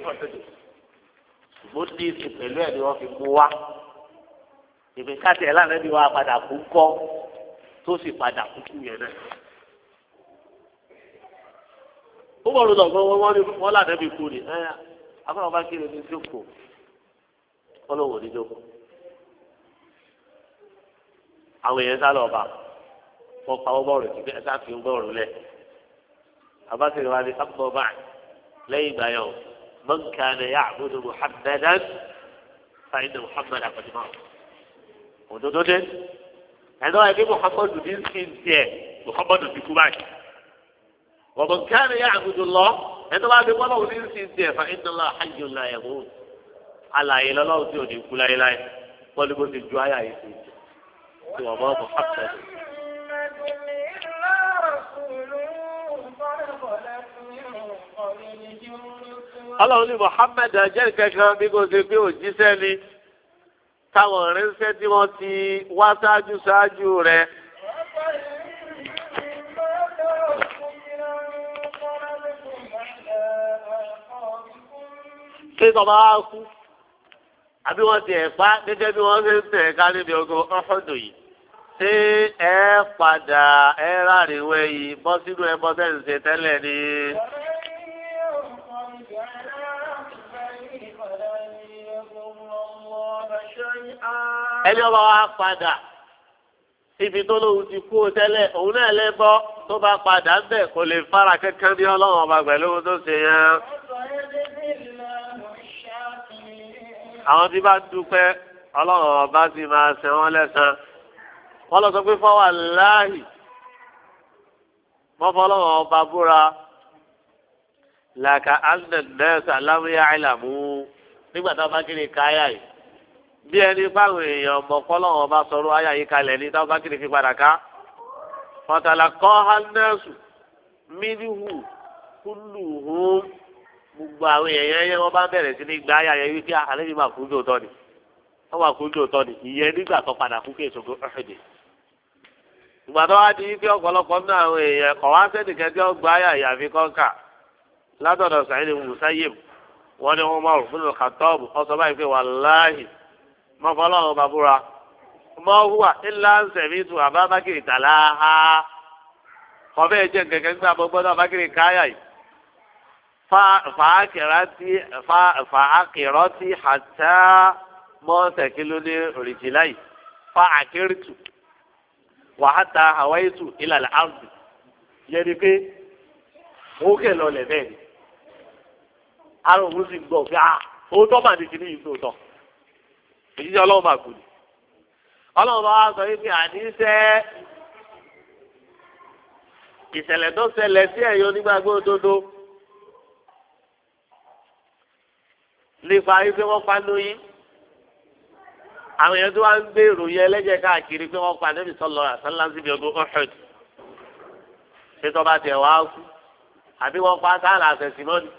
bó dé ìsìn pẹ̀lú ẹ̀ ni wọ́n fi mú wá ìpínkàtì ẹ̀ lánàá bí wọ́n á tó sì padà kúkú yẹn náà. ó bọ̀ lọ́dọ̀ fún wọn wọn làdá bí kú ni afáwọn bá kiri ní jókòó ọlọ́wọ́ ní jókòó. àwọn èèyàn sálọ ọba wọn pa wọn bọ̀rọ̀ síbi ẹ̀ka fi ń bọ̀rọ̀ lẹ̀. abáṣe wa ni sábà bá lẹ́yìn ìgbà yẹn o man kana ya'budu muhammadan fa inna muhammadan qad maa òdodo dé ẹ̀dọ́ ẹbí muhammadu ní sí tiẹ̀ muhammadu ti kú báyìí. wọ́n kẹ́rin yá àgùdù lọ ẹ̀dọ́ bá fi bọ́lá òní sí tiẹ̀ fa ìdánlá ayé ńlá ẹ̀ mú. alàyè lọ́lọ́run tí ò ní kú láéláé wọ́n ní bó ti ju ayé àyè sí ti wọ́n mọ́ muhammadu. ọlọ́run ní muhammadu ajẹ́ kankan bí kò ṣe pé òjíṣẹ́ ni táwọn ìránṣẹ́ tí wọ́n ti wá ṣáájú ṣáájú rẹ̀. ṣé tọba á kú àbí wọ́n ti ẹ̀pá gẹ́gẹ́ bí wọ́n ṣe ń tẹ̀ ká níbi ogun ọ̀fọ́dọ̀ yìí ṣé ẹ padà ẹ ráre wẹ̀yìn bọ́ sínú ẹbọ tẹ̀ ń ṣe tẹ́lẹ̀ ni. ẹni ọba wa padà ibi tó lóun ti kú tẹ́lẹ̀ òun náà lè bọ́ tó bá padà ń bẹ̀ kò lè fara kankan bí ọlọ́run ọba pẹ̀lú ohun tó ṣe yẹn. àwọn tí bá dúpẹ́ ọlọ́run ọba sì máa ṣe wọ́n lẹ́sàn-án wọ́n lọ sọ pé fọwọ́ aláàhì wọ́n fọ́ ọlọ́run ọba búra làkà alẹ́ nẹ́ẹ̀sì aláwíyá àìlàmú nígbà tá a bá kiri káyà yìí bí ẹni báwọn èèyàn ọmọ kọ́lọ́wọ́n bá sọ̀rọ̀ ayé yìí kalẹ̀ ní táwọn bá kiri fi padà ká fọtàlà kọ́ hánẹ́sù mílíhù kúlùhùn gbogbo àwọn èèyàn yẹn wọ́n bá bẹ̀rẹ̀ sí ní gba ayé yẹn wípé ah, àlejò máa kú lóòótọ́ ni wọ́n máa kú lóòótọ́ ni ìyẹn nígbà tó padà kú kí èso ọ̀hìnì. ìgbà tó wá di wípé ọ̀pọ̀lọpọ̀ nínú àwọn èèyàn kọ̀ wọ́n gba ayé àyè àfi mọ̀fọ́lọ́wọ́ bàbúrà mọ wúwà ńlá ń sẹ̀mí tu àbá bákìrì tàlá ha ọbẹ̀ ẹ̀jẹ̀ gẹ̀gẹ̀ gbà bọ́ gbọ́dọ̀ bákìrì káyà yìí fàákìrọ́ ti hàtà mọ́ọ̀sẹ̀ kìló ní rìjìlá yìí fàákìrì tù wàhátà hawaii tù ìlàlẹ̀ àrùn yẹni pé òun kè lọ lẹ̀ bẹ́ẹ̀ ni àrùn òun sì gbọ̀ fí ah òun tọ́ bàdìkì ní ìtòótọ́ èyí ọlọ́run bá kú ni ọlọ́run bá wá sọ wípé àníṣẹ́ ìṣẹ̀lẹ̀ tó ṣẹlẹ̀ sí ẹ̀yọ́ onígbàgbọ́ òdodo lè fa wípé wọ́n pa lóyún àwọn èèyàn tó wá ń gbé ìròyìn ẹlẹ́jẹ̀ káàkiri pé wọ́n pa níbi sọ́lọ́ àṣálá síbi ọdún ọ̀hẹ́d ṣé tó tiẹ̀ wá kú àbí wọ́n pa sáàlà àṣẹ̀sìmọ́ni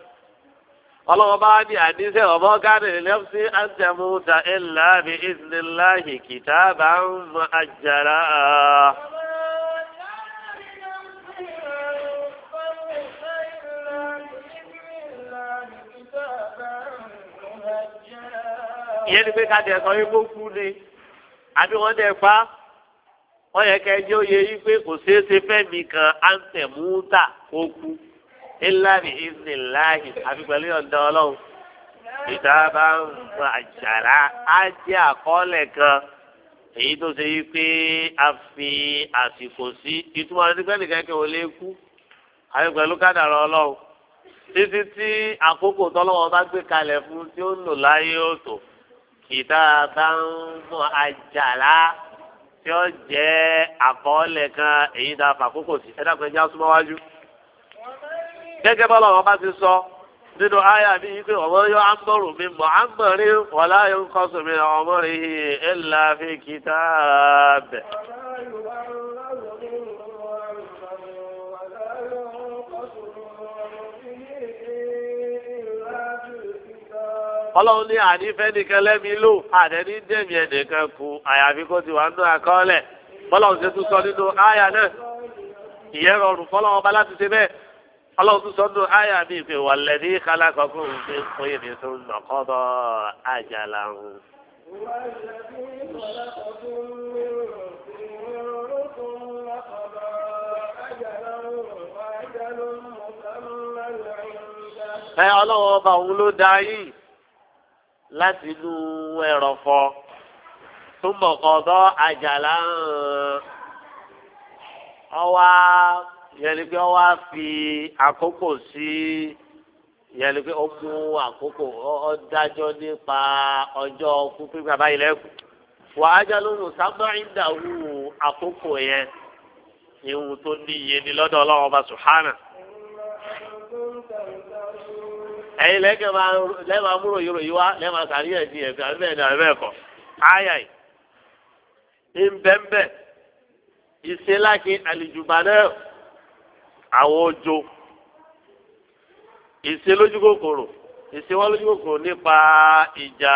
ọlọ́wọ́ bá ní àdíṣe ọmọ gánà lẹ́fṣí àjẹmúta ilà bí ìsìnláhì kìtà bá ń àjàrà. ìyẹn ni pé ká tẹ̀ sọ yín kó kú ni àbí wọ́n tẹ̀ pa wọ́n yẹ kẹ́ ẹjọ́ yẹ yí pé kò ṣeé ṣe fẹ́mi kan àǹtẹ̀múta kó kú ìlànà ìsìn láàyè àfi pẹ̀lú ọ̀dọ́ ọlọ́run ìdábà ń fa àjàrà á jẹ́ àkọọ́lẹ̀ kan èyí tó ṣe wípé a fi àsìkò sí ìtumọ̀ nígbà nìkan kí wọ́n lè kú àfi pẹ̀lú kádàrá ọlọ́run títí tí àkókò tọ́lọ́wọ́ bá gbé kalẹ̀ fún tí ó lò láyé ọ̀tọ̀ ìdábà ń fa àjàrà tí ó jẹ́ àkọọ́lẹ̀ kan èyí tá a fà àkókò sí ẹ̀dá pẹ̀lú ẹja súnmọ́ gẹ́gẹ́ bọ́lá wọn bá ti sọ nínú àyà mi yìí pé ọmọ yọ ámbọ̀rù mi mọ̀ ámbọ̀rin wọlá yóò kọ́ sùn mi ọmọ rẹ̀ yìí ẹ̀ là fi kìtà bẹ̀. ọlọ́run ní ànífẹ́ nìkan lẹ́mi lò àdẹ́ní dẹ̀mí ẹnìkan kù àyàfi kó ti wà nínú àkọọ́lẹ̀ bọ́lọ́run ṣe sọ nínú àyà náà ìyẹn rọrùn fọlọ́run ọba láti ṣe bẹ́ẹ̀ ọlọ́run tún sọ́dún àyà mi pé wà lẹ́ni kálákọ̀ọ́kọ́ òun ṣe ń fún yèmí tó ń nà kọ́dọ̀ àjàlá òun. ẹ ọlọ́run ọba òun ló dá yìí láti inú ẹ̀rọ̀fọ́ tó mọ̀ àjàlá òun. ọwọ́ yẹn ni pé fi àkókò sí yẹn pé ó mú àkókò ọ nípa ọjọ́ ọkú pípa báyìí lẹ́kù wà á já lóru àkókò yẹn ìhun tó níye ní lọ́dọ̀ ọlọ́run ọba sùhánà ẹ̀yin lẹ́kẹ̀ máa múrò yìí wá sàrí ẹ̀dí ẹ̀fẹ̀ àwọn ojo ìṣe lójú kòkòrò ìṣe wọn lójú kòkòrò nípa ìjà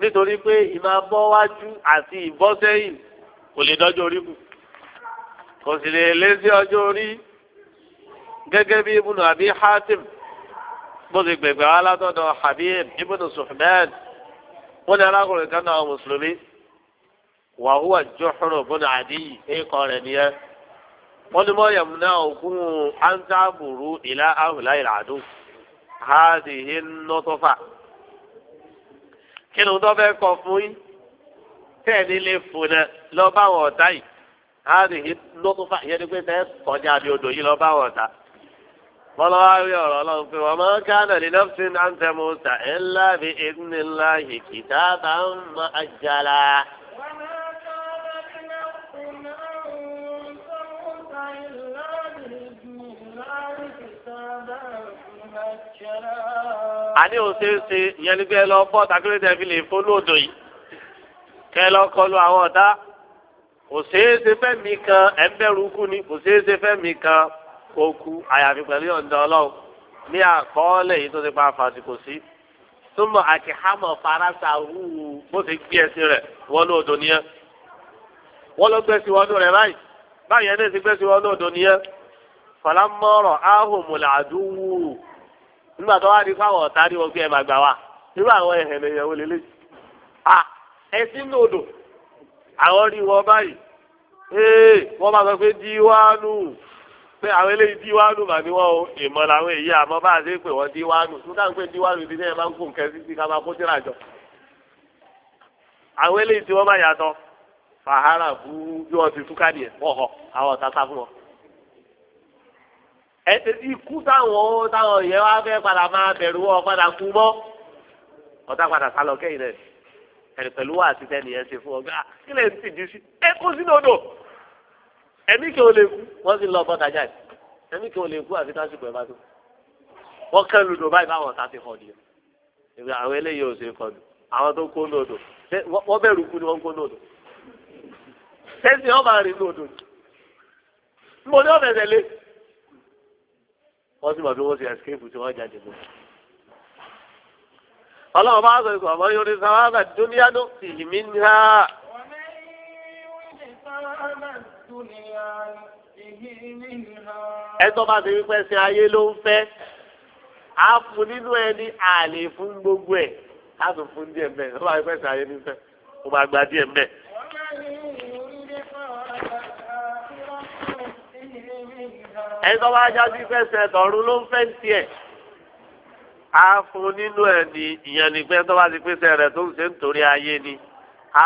nítorí pé ìmọ̀ abọ́wájú àti ìbọ́sẹ́yìn kò lè dọ́jọ́ orí kù kò sì lè lé sí ọjọ́ orí gẹ́gẹ́ bí ibùnú àbí hatim bó ti gbègbè wá látọ̀dọ̀ habib ibùnú suhman wọ́n ní arákùnrin kan náà mùsùlùmí wàhùwà jọ́hùrù bùnú àdìyí ẹ̀kọ́ rẹ̀ nìyẹn. wọ́n ní mọ́yàm náà òkun antaaburu ìlà ahùlá ìlàdó hádìhí nọ́tọ́fà kí ló ń tọ́ kọ fún yín tẹ́ẹ̀ni lè fònà lọ bá wọn ọ̀tá yìí hádìhí nọ́tọ́fà yẹn ni pé tẹ́ kọjá bí odò yìí lọ bá wọn ọ̀tá rí ọ̀rọ̀ ọlọ́run pé wọ́n máa ń ní àní ò ṣeé ṣe ìyẹn ní bí ẹ lọ bọ́ takérédé tẹ fi lè folú odò yìí kẹ lọ kọlu àwọn ọ̀tá kò ṣeé ṣe fẹ́mi kan ẹ̀ńbẹ̀rù kú ni kò ṣeé ṣe fẹ́mi kan òkú àyàfi pẹ̀lú ọ̀dọ̀ ọlọ́run ní àkọọ́lẹ̀ yìí tó ti pa àfàsìkò sí túmọ̀ àti hámọ̀ farasa wú bó ti gbé ẹsẹ̀ rẹ̀ wọnú odò nìyẹn wọ́n ló gbé sí rẹ̀ báyìí báyìí ẹni ti gbé sí wọnú nìyẹn fọlámọ́rọ̀ áhùnmùlà àdúwù nígbà tó wá di fáwọn ọ̀tá ní wọn fi ẹ̀ máa gbà wá irú àwọn ẹ̀hẹ̀ lè yẹ̀wò lélẹ̀ à ẹ sínú odò àwọn rí wọn báyìí ee wọ́n máa sọ pé díwánù pé àwọn eléyìí díwánù mà ní wọn o ìmọ̀ làwọn èyí àmọ́ bá a ṣe pè wọ́n díwánù nígbà pé díwánù ti ní ẹ̀ máa ń kún kẹ́sí sí ká máa kó jọ àwọn eléyìí tí bí ti ikú táwọn táwọn yẹn wá fẹ́ padà máa bẹ̀rù wọ́n padà kú mọ́ ọ̀tá padà sálọ kẹ́yìn rẹ̀ ẹ̀rì pẹ̀lú wà sí tẹ́ni yẹn ṣe fún ọgbà ah, kí lè ti jù sí ẹ kó sínú odò ẹ̀mí kí o lè kú wọ́n sì lọ bọ́tà jáde ẹ̀mí kí o lè kú àfi tásìkò ẹ̀ bá tó wọ́n kẹ́ lùdò báyìí báwọn ọ̀tá ti kọ̀ọ̀dù yẹn àwọn eléyìí ò ṣe kọ̀ọ̀dù àwọn tó kó ní odò wọ́n bẹ̀rù kú ni wọ́n kó ní odò tẹ́sí ọ wọ́n sì mọ̀ bí wọ́n ti ẹ̀skéèpù tí wọ́n jáde lọ. ọlọ́run máa sọ ìkọ̀ ọ̀mọ́ yorùbá sáwádà dúníà ló fi mí ní ha. ẹ̀tọ́ bá ti wípé sin ayé ló ń fẹ́ á fún nínú ẹni àlè fún gbogbo ẹ̀ á tún fún díẹ̀ mbẹ́ ó bá wípé sin ayé ní fẹ́ ó bá gba díẹ̀ mbẹ́. ẹni tó bá jáde fẹsẹ̀ tọ̀run ló ń fẹ́ ń tiẹ̀ á fún nínú ẹ̀ ní ìyẹn nígbẹ́ tó bá ti pèsè rẹ̀ tó ń ṣe nítorí ayé ni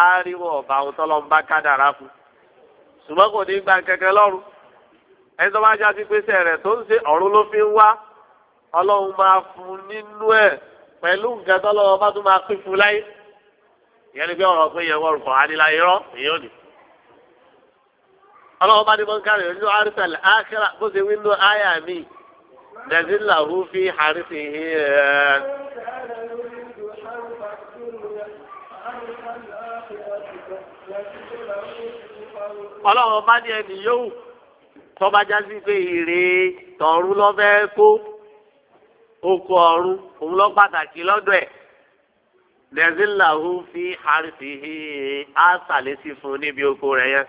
á rí wọ̀ ọ̀bà àwọn tọ́lọ́ ń bá kádàrá fún ṣùgbọ́n kò ní gba kẹ̀kẹ́ lọ́rùn ẹni tó bá jáde pèsè rẹ̀ tó ń ṣe ọ̀run ló fi ń wá ọlọ́run máa fún nínú ẹ̀ pẹ̀lú nǹkan tọ́lọ́wọ́ bá tún máa pín fún láyé ìyẹn nígbẹ́ ọ̀rọ̀ pé ìyẹn ọlọ́wọ́ bá ní mọ́ kárí ojú àrísàlì ákírà bó ṣe wí ló áyà mi dẹ̀sílà hu fi àrísì hí ẹ̀. ọlọ́wọ́ bá ní ẹni yóò tọ́ba jásí pé ire tọ̀run lọ́fẹ́ kó oko ọ̀run òun lọ́ pàtàkì lọ́dọ̀ ẹ̀ dẹ̀sílà hu fi àrísì hí ẹ̀ á sàlẹ̀ sí níbi oko rẹ̀ yẹn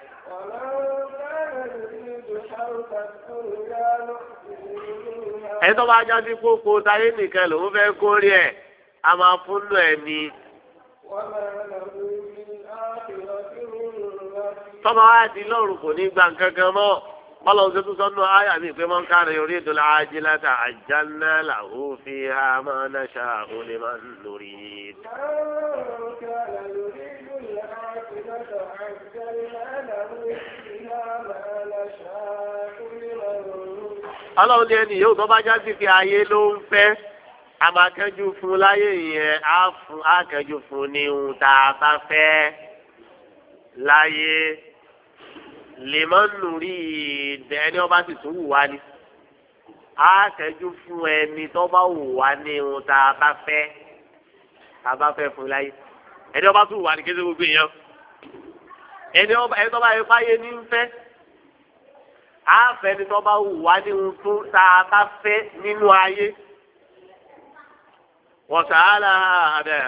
ẹni tó bá jáde kókó táyé nìkan lòún fẹ́ kórè ẹ̀ a máa fún ẹ̀ ni. tọ́mọ wa di lọ́rùn kò ní gbà kankan mọ́ bọ́lá oṣù tó sọ́nù àyà mi pé wọ́n kárí orí ìdúrà ajé láta àjánná làwọn fi ha máa ná ṣá máa ń lórí. ọlọ́run ní ẹni yóò tó bá já sí pé ayé ló ń fẹ́ àmàkẹ́jú fún láyé yẹn á fún àkẹ́jú fún ní ohun tá a bá fẹ́ láyé lèmọ́nù rí ẹni ọba sì tún wù wá ni á fún ẹni tó bá wù wá ní ohun tá a bá fẹ́ tá a bá fẹ́ fún láyé ẹni ọba tún wù wá ní kéde gbogbo èèyàn ẹni ọba ẹni tó bá yẹ fáyé ní ń fẹ́ àfẹ́ni tó bá wù wá ní ohun tó tá a bá fẹ́ nínú ayé. wọ́n sàálà àbẹ̀.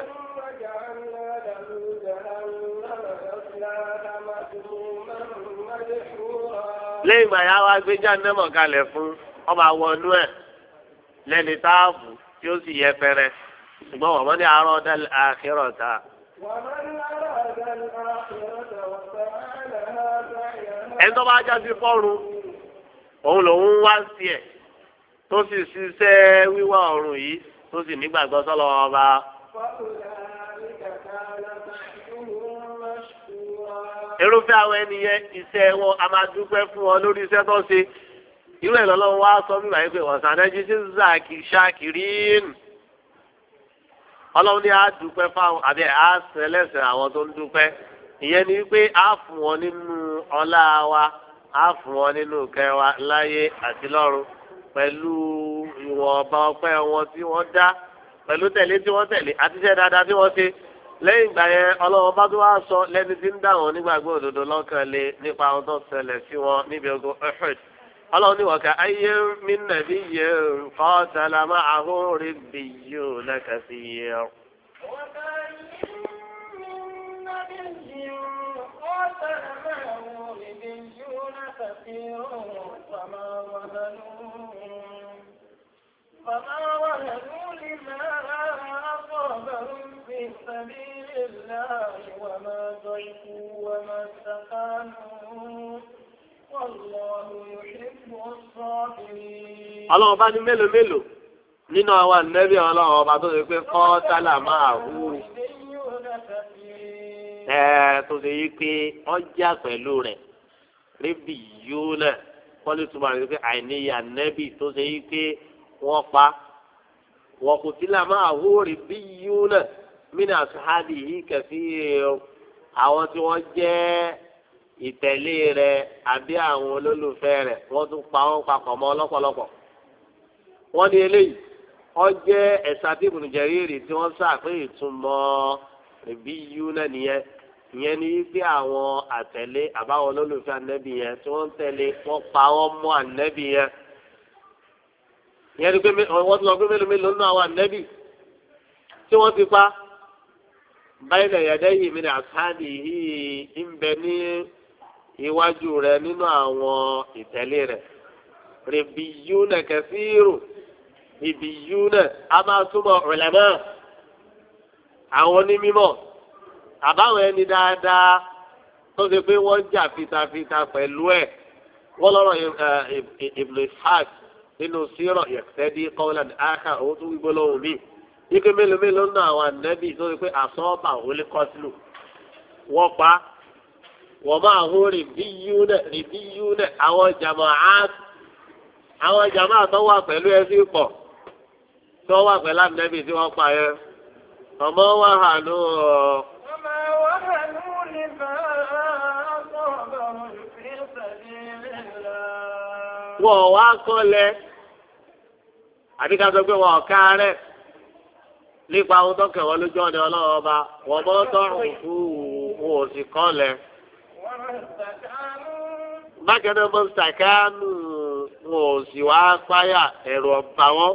lẹ́yìn ìgbà yà wá gbé jáde kalẹ̀ fún ọba wọnú ẹ̀ lẹ́ni táàbù tí ó sì yẹ fẹ́rẹ́ ṣùgbọ́n wọ́n mọ́ ní àárọ̀ ọ̀dà àkérò ta. ẹni tó bá jáde fọ́ọ̀rù òun lòun wá sí ẹ̀ tó sì ṣiṣẹ́ wíwá ọ̀run yìí tó sì nígbàgbọ́ sọ́lọ́ ọba. irúfẹ́ àwọn ẹnìyẹn iṣẹ́ wọn a máa dúpẹ́ fún ọ lórí iṣẹ́ tó ṣe irú ẹ̀ lọ́lọ́run wá sọ bí wàá pé ọ̀sánẹ́jì sí zaki shakirin ọlọ́run ní a dúpẹ́ fáwọn àbí a sẹlẹ̀sẹ̀ àwọn tó ń dúpẹ́ ìyẹn ni wípé a fún wọn nínú ọlá wa. á fún wọn nínú kẹwàá láyé àti pẹ̀lú ìwọ̀ ọba ọpẹ́ wọn tí wọ́n dá pẹ̀lú tẹ̀lé tí wọ́n tẹ̀lé àti iṣẹ́ dáadáa tí wọ́n ṣe lẹ́yìn ìgbà yẹn bá tó wá sọ lẹ́ni tí ń nígbàgbọ́ òdodo lọ́kàn lé nípa ohun tó ṣẹlẹ̀ sí wọn níbi ogun ní wọ̀ká ayé mi وقاتل معه لبيون كثير فما وهنوا فما وهنوا لما أصابهم في سبيل الله وما ضيقوا وما استقاموا Ọlọ́run bá ní mélòó mélòó nínú àwọn ànẹ́bí ọlọ́run ọba tó ṣe pé kọ́ tálà máa hù. ẹ tó ṣe yí pé ọjà pẹ̀lú rẹ̀ rébì yóò náà wọ́n lè túmọ̀ rẹ̀ pé àìníyà nẹ́bì tó ṣe yí pé wọ́n pa wọ́n kò sí làmọ́ àwòrán bí yóò náà mínà sáàdì yìí kẹfí àwọn tí wọ́n jẹ́ ìtẹ̀lé rẹ̀ àbí àwọn olólùfẹ́ rẹ̀ wọ́n tún pa wọ́n papọ̀ mọ́ lọ́pọ̀lọpọ̀ wọ́n ní eléyìí ẹ̀sà tí tí wọ́n pé ìtumọ̀ náà ìyẹn ni wípé àwọn àtẹ̀lé àbáwọn olólùfẹ́ ànẹ́bí yẹn tí wọ́n ń tẹ̀lé wọ́n pa wọ́n mọ́ ànẹ́bí yẹn ìyẹn ni pé wọ́n ti lọ pé mélòó mélòó nínú àwọn ànẹ́bí tí wọ́n ti pa báyìí lẹ̀yẹ̀dẹ́ yìí mi ní àkáàdì yìí ń bẹ ní iwájú rẹ nínú àwọn ìtẹ̀lé rẹ̀ rèbí yúnà kẹsíìrù ìbí yúnà a máa túbọ̀ ọ̀lẹ́mọ́ àwọn onímọ̀ àbáwọn ẹni dáadáa tó ṣe pé wọ́n jà fitafita pẹ̀lú ẹ̀ wọ́n lọ́rọ̀ Ibn Ishaq nínú sírọ̀ yẹ̀tẹ́dí kọ́wọ́lá ní áká owó tó gbígbó lọ́wọ́ mi ike mélòó mélòó náà àwọn ànábì tó ṣe pé àsọ́ọ̀bà wọlé kọ́sílù wọ́n pa wọ́n máa hó rìbíyúnẹ̀ rìbíyúnẹ̀ àwọn jàmọ̀ áàtì àwọn jàmọ́ àtọ́ wà pẹ̀lú ẹbí pọ̀ tó wà pẹ̀lú ànábì tí wọ́n pa yẹn ọmọ wà hànú ọ̀ wọ́n wá kọ́lẹ̀ àbí ká sọ pé wọ́n ọ̀ka rẹ̀ nípa ohun tó kẹ̀wọ́ lójú ọ̀nà ọlọ́run ọba wọ́n bọ́ tọ́rùn fún òun ò sì kọ́lẹ̀. bákan náà mọ́sítà kánú wọn ò sì wá páyà ẹ̀rù ọ̀bà wọn.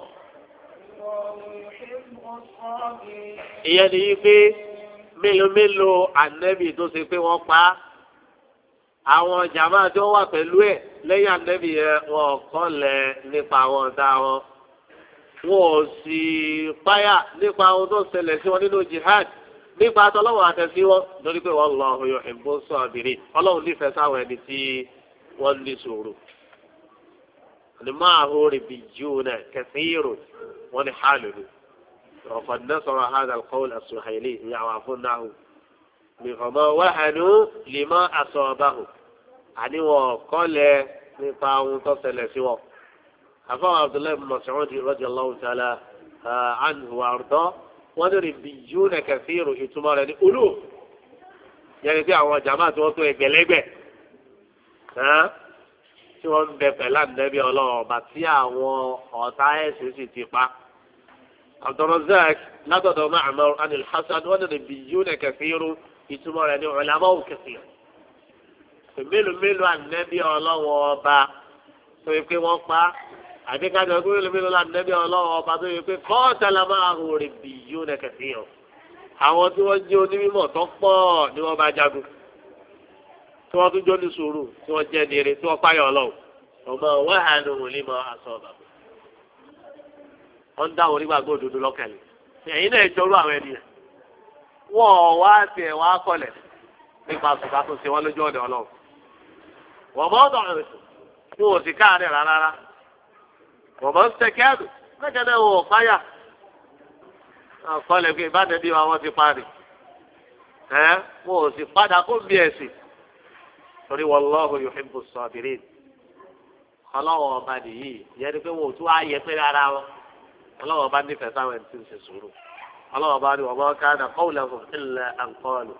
ìyẹn ni yí pé mélòó mélòó ànẹ́bì tó ṣe pé wọ́n pa á àwọn jàmbá tí wọ́n wà pẹ̀lú ẹ̀ lẹ́yìn ànẹ́bì yẹn wọn kọ́lẹ̀ nípa àwọn ọ̀tá wọn wọn ò sì páyà nípa ohun tó ṣẹlẹ̀ sí wọn nínú jihad nípa tọ́lọ́wọ́ àtẹ̀sí wọn lórí pé wọ́n lọ ọ̀yọ́ ìbò sọ̀bìrín ọlọ́run nífẹ̀ẹ́ sáwọn ẹni tí wọ́n ní sòrò. àdìmọ́ àhórí bìjú náà kẹsì ìrò wọn ni hàlùlù. وقد نصر هذا القول السهيلي يعرفونه بفما وهنوا لما أصابه يعني وقال نطاعون تصل سوى أفا عبد الله بن مسعود رضي الله تعالى عنه وأرضاه ونربيون كثير إتمارا ألوف يعني في àwọn jama tí wọ́n tó ẹgbẹ̀lẹ́gbẹ̀ tí wọ́n ń bẹ pẹ̀lú ànábì ọlọ́run ọba tí àwọn ọ̀tá ẹ̀sìn sì ti pa abdulrozak látọ̀dọ̀ mahamadu anil hasan wọn nana biyu na kẹfìrú ìtumọ̀ rẹ̀ ní ọ̀làmọ́wò kẹfìrú. mélòó mélòó ànẹ́bí ọlọ́wọ́ ọba tó yẹ pé wọ́n pa àti kájọ pé mélòó mélòó ànẹ́bí ọlọ́wọ́ ọba tó yẹ pé kọ́ọ̀tàlá máa hù rẹ̀ biyu na kẹfìrú. àwọn tí wọ́n jẹ́ onímọ̀ tó pọ̀ ni wọ́n bá jagun tí wọ́n tún jọ́ ní sùúrù tí wọ́n jẹ́ nire tí wọ́n páyọ̀ ọlọ́wọ́ ọmọ wàhánu wòlímọ̀ àsọ̀bàbọ̀ wọ́n dá wọn nígbàgbọ́ òdodo lọ́kàn ẹ̀yin náà jọrú àwọn ènìyàn wọ́n wá wá kọlẹ̀ nípa sùkà tó ṣe wọ́n lójú ọ̀dọ̀ ọlọ́run wọ́n bọ́ ọ̀dọ̀ rẹ̀ tí wọ́n sì káàárẹ̀ rárá wọ́n bọ́ náà wọ́n páyà kọlẹ̀ pé bí wọn ti parí ẹ̀ wọ́n sì padà kó bí ẹ̀sìn torí wallahu yuhibbu sabirin ọlọ́wọ́ ọba nìyí ìyẹn ọlọ́wọ́ bá nífẹ̀ẹ́ sáwọn ẹni tí ń ṣe sùúrù ọlọ́wọ́ bá ní ọmọ káàdà kọ́wùlẹ̀ fún ilẹ̀ àǹkọ́ọ̀lù.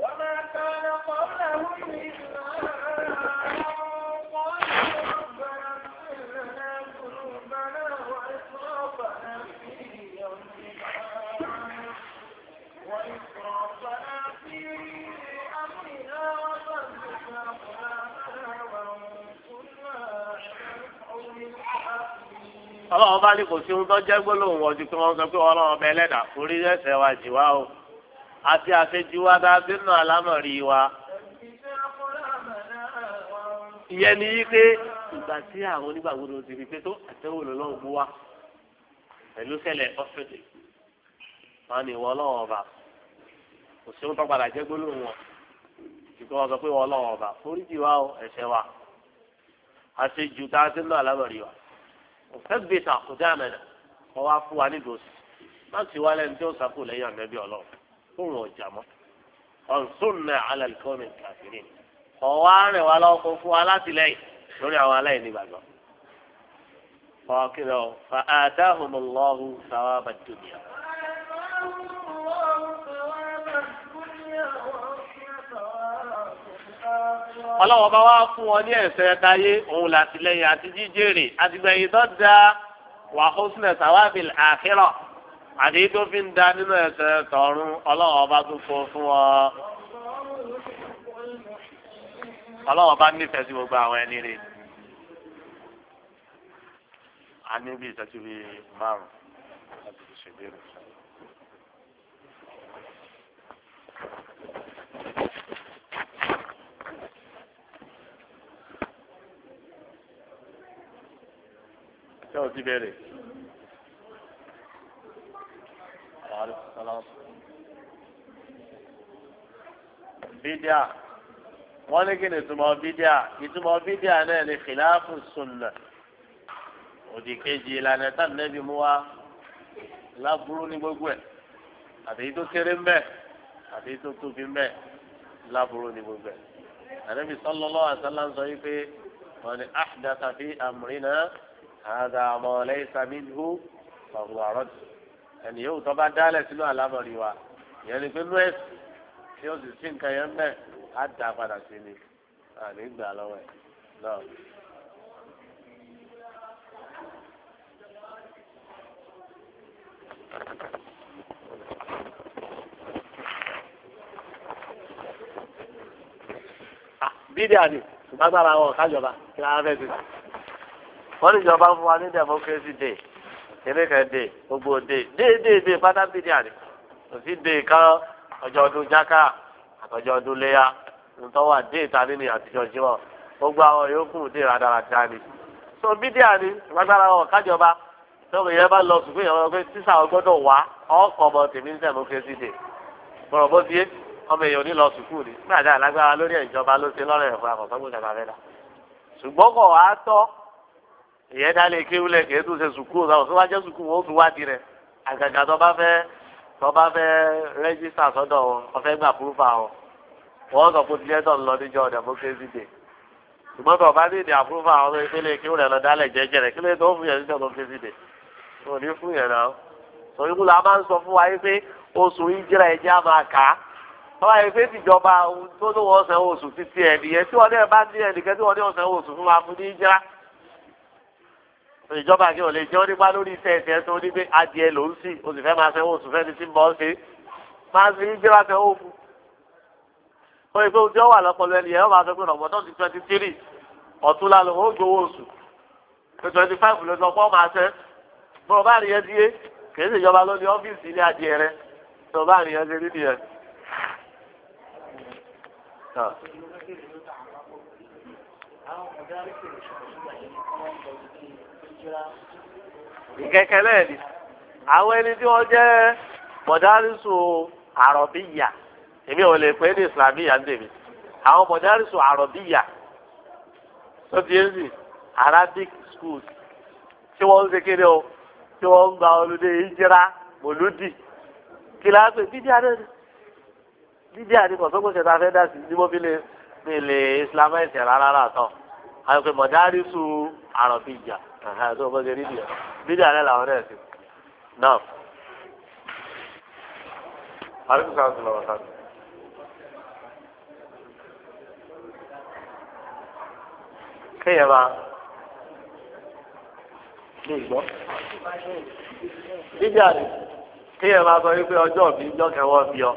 wọ́n máa ká ọkọ̀ ọ̀hún ìlú ọlọ́run bá ní kò sí ohun tó jẹ́ gbólóhùn wọ́n ju pé wọ́n sọ pé ọlọ́run ọba ẹlẹ́dà orí ẹsẹ̀ wa jì wá o àti àṣejù wa dá sínú àlámọ̀rí wa. ìyẹn ni yí pé ìgbà tí àwọn onígbàgbọ́dọ̀ ti fi pé tó àtẹ̀wò lọ́wọ́ mú wa pẹ̀lú sẹ́lẹ̀ ọ́fíìsì wọn ni ìwọ ọlọ́run ọba kò sí ohun tó padà jẹ́ gbólóhùn wọn ju pé wọ́n sọ pé ọlọ́run ọba orí jì wá o ẹ̀ṣẹ̀ wa àṣejù tá a ti ń lọ àlámọ̀rí wa òfẹ́gbẹ̀ta àkùdá àmẹ́nà wọ́n wá fún wa nídòó sí má ti wá lẹ́nu tí ó sàkó lẹ́yìn àmẹ́bí ọlọ́run fóun ọ̀jà mọ́ ọ̀nsónà alàlùkọ́mì kàfìrí ọ̀wá rìn wá lọ́wọ́ fún wa látìlẹ́yìn lórí àwọn aláìní gbàgbọ́. ọ̀kìlọ̀ fa'adahumullahu thawabad dunya. ọlọ́wọ́ bá wá fún wọn ní ẹ̀sẹ̀ káyé òun làtìlẹ́yìn àti jíjèrè àtìgbẹ̀yìn tó da wà hosùnẹ̀ sàwábìl àkírọ̀ àti tó fi ń da nínú ẹ̀sẹ̀ tọ̀run ọlọ́wọ́ bá tún fún fún wọn. ọlọ́wọ́ bá nífẹ̀ẹ́ sí gbogbo àwọn ẹni rẹ̀. a ní bí ìtọ́jú bíi márùn-ún láti fi ṣèbéèrè. ṣé o ti bẹ̀rẹ̀? bídíà wọ́n ní kí ni ìtumọ̀ bídíà ìtumọ̀ bídíà náà ni khilafu sunna òdì kejì ìlànà tá nẹ́bí mú wa láburú ní gbogbo ẹ̀ àti tó kéré mbẹ àti tó tóbi mbẹ láburú ní gbogbo ẹ̀ ànábì sallallahu alaihi wasallam sọ yìí pé wọ́n ní ahdatha fi amrina. هذا ما ليس منه فهو رد ẹni yóò tọ́ bá dálẹ̀ sínú àlámọ̀rí wa ìyẹn ni pé lóyè tí ó sì sí nǹkan yẹn mẹ́ á dà padà sí ni àní gbà lọ́wọ́ ẹ̀ náà. Ah, bídíà ni ṣùgbọ́n agbára wọn kájọba kí wọ́n á fẹ́ sí i. wọ́n ní ìjọba ń fún wa ní democracy day kéré day gbogbo day day day day pátá bíi díà ni kò sí day kan ọjọ́ ọdún jáká àtọjọ́ ọdún léyà nǹkan day ta nínú àtijọ́ jímọ̀ gbogbo àwọn yòókù day lọ sùgbọ́n wá ọkọ̀ ọmọ tèmi ní democracy day bọ̀rọ̀ bó ti yé ọmọ èèyàn lọ sùkúù ni ìjọba ìyẹn dá lè kéwú lẹ kì í tún ṣe sùkúù ọ̀sán tó bá jẹ́ wọn ó tún wádìí rẹ àgàgà tó bá fẹ́ tó bá fẹ́ rẹ́jísítà sọ́dọ̀ wọn ọ̀fẹ́ gbà púrúfà wọn wọ́n sọ pé díẹ̀tọ̀ ń lọ níjọ́ democracy day ṣùgbọ́n tó bá nídìí àpúrúfà àwọn ìpínlẹ̀ kéwú rẹ lọ dálẹ̀ jẹ́jẹ́ rẹ kílẹ̀ tó fún yẹn níjọ́ democracy day wọn ò pé tìjọba tó ní wọ́n sanwó oṣù títí ẹ̀ nìyẹn tí wọ́n ní ẹ̀ bá ní ẹnìkan tí wọ́n ní wọ́n oṣù fún wa fún ní ìjìrà ìjọba kí o lè jẹ́ onípa lórí iṣẹ́ ẹ̀sẹ̀ tó ní pé adìẹ ló ń sì o sì fẹ́ máa fẹ́ oṣù fẹ́ni tí ń bọ́ ṣe máa fi ń gbé wá fẹ́ òfu. ó yẹ pé ojú ọ̀wà lọ́pọ̀lọpọ̀ ẹni ẹ̀rọ máa fẹ́ pé ọ̀pọ̀tọ́ ti twenty three ọ̀tún lálọ́ ó gbowó oṣù pé twenty five ló lọ pọ́ máa ṣẹ́ bó o bá rí kì í ṣe ìjọba ló ọ́fíìsì ilé adìẹ rẹ tó o bá rí ẹni rí ìkẹ́kẹ́ náà àwọn ẹni tí wọ́n jẹ́ mọ̀dárísù àrọ̀bíyà èmi ò lè pè é ní islamiyà ń àwọn mọ̀dárísù àrọ̀bíyà arabic schools tí wọ́n ń ṣe kéde o gba olùdé ìjìra mòlúdì kí la pè bíbí adé bíbí adé kọ̀sọ́gbọ̀sẹ̀ tá a fẹ́ dá sí ní mi lè islamize àwọn pé mọ̀dárísù àròbíjà tó bọ́ ṣe rí bìyà bídà rẹ̀ làwọn náà ṣe náà. àríkù sáà ń sọ lọ́wọ́ sáà. kéèyàn máa lè gbọ́. bídà rẹ̀ kéèyàn máa sọ wípé ọjọ́ mi jọ́ kẹwọ́ bí ọ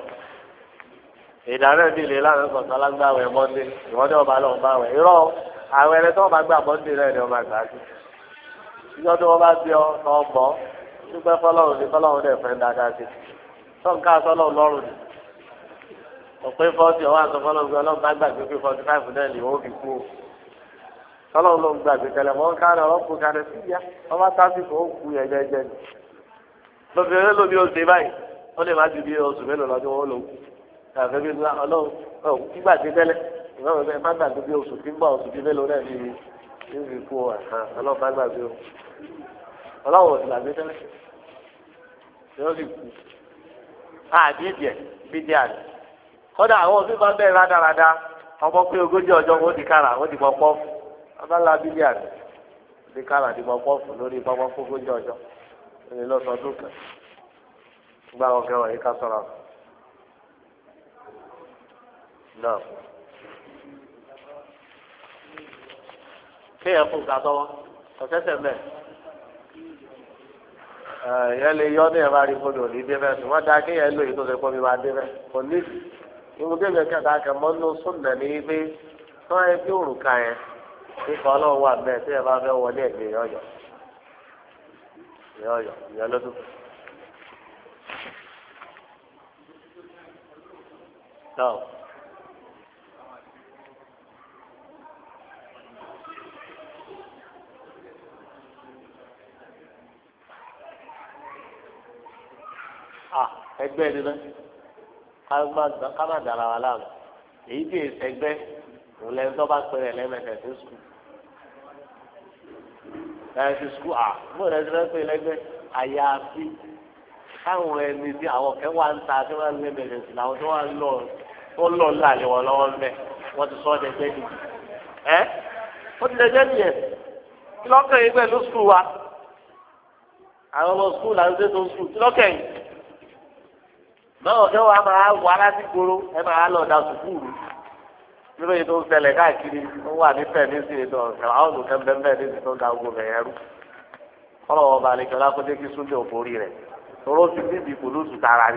ìdárẹ́ bíi lè lánàá sọ̀tàn alágbáwẹ̀ mọ́ndé ìwọ́dẹ́ ọba lọ́wọ́ báwẹ̀ irọ́ àwọn ẹrẹ tí wọn bá gbà bọ́ndé rẹ ni wọn bá gbà sí ìjọ tí wọn bá bí ọ tó ń bọ dúpẹ́ fọlọ́run ní fọlọ́run dẹ̀ fẹ́ dáadáa sí tọ́ǹkà sọlọ́run lọ́rùn ni òpin fọ́ọ̀tì ọwọ́ àti fọlọ́run gbé ọlọ́run bá gbàgbé pé fọ́ọ̀tì fáìfù náà ni wọ́n fi kú o fọlọ́run ló ń gbàgbé tẹ́lẹ̀ mọ́ káàdì ọlọ́pù káàdì sí ìyá wọ́n bá tásìkò ó kú yẹn jẹ́jẹ́ ni lóbìnrin lóbi oṣù báyìí ó lè má ju bí oṣù mélòó lọ́dún ìmáàmù bẹ́ẹ̀ má gbàgbé bí oṣù tí ń bọ̀ oṣù tí mélòó náà ní ìrìn ọ ọlọ́run má gbàgbé o ọlọ́run ò sì gbàgbé tẹ́lẹ̀ yóò sì kú àbí ìdíẹ̀ bí díẹ̀ àná kọ́dà àwọn òbí máa bẹ̀rẹ̀ rádaràda ọmọ pé ogójì ọjọ́ wọn abala kára pọpọ́ fún lórí pọpọ́ fún ogójì ọjọ́ kéèyàn kó ga tọwọ ọ̀sẹ̀sẹ̀ mẹ́ ẹ̀yẹ́ lè yọ ní ẹ̀rọ àrífọ́dù òní dé bẹ́ẹ̀ ṣùgbọ́n dáa kéèyàn lò yìí tó ṣe pọ́ mi máa dé bẹ́ẹ̀ kò ní ìdí ìwọ débi kẹta kẹmọ ní sùnà ní ibi tó ẹ fi òrùka yẹn ikọ̀ ọlọ́run wà mẹ́ẹ̀ tí ẹ bá fẹ́ wọlé ẹ̀gbẹ́ yọ̀yọ̀ yọ̀yọ̀ ìyẹn ló dùn. Now. ẹgbẹ́ ni náà ká má dára wa láàmú èyí tí èsì ẹgbẹ́ òun lẹ́nu tó bá pẹ̀lẹ́ lẹ́mẹ̀tẹ̀ sí skul ẹ̀sìn skul à mo rẹ̀ ti rẹ́ pé lẹ́gbẹ́ àyàfi káwọn ẹni tí àwọn kẹwàá ń ta tí wọ́n ń lẹ́mẹ̀tẹ̀ sí làwọn tó wà ń lọ tó lọ ńlá lé wọn lọ́wọ́ ńbẹ wọ́n ti sọ ọ́ dẹ́gbẹ́ ni ẹ́ ó ti dẹ́gbẹ́ nìyẹn kí lọ́kàn yín pẹ̀lú skul wa àwọn ọmọ skul là ń dé tó skul kí lọ́kàn yín. báwo ṣé wàá máa wà láti ẹ máa lọ da sùkúrù nínú ètò ìṣẹ̀lẹ̀ káàkiri ó wà ní tẹ̀lé sí ètò ọ̀sẹ̀ àwọn olùkẹ́ bẹ́ẹ̀ ní da rú kọ́lọ̀ ọba àlejò kí súnjẹ́ òbórí rẹ̀ ti tara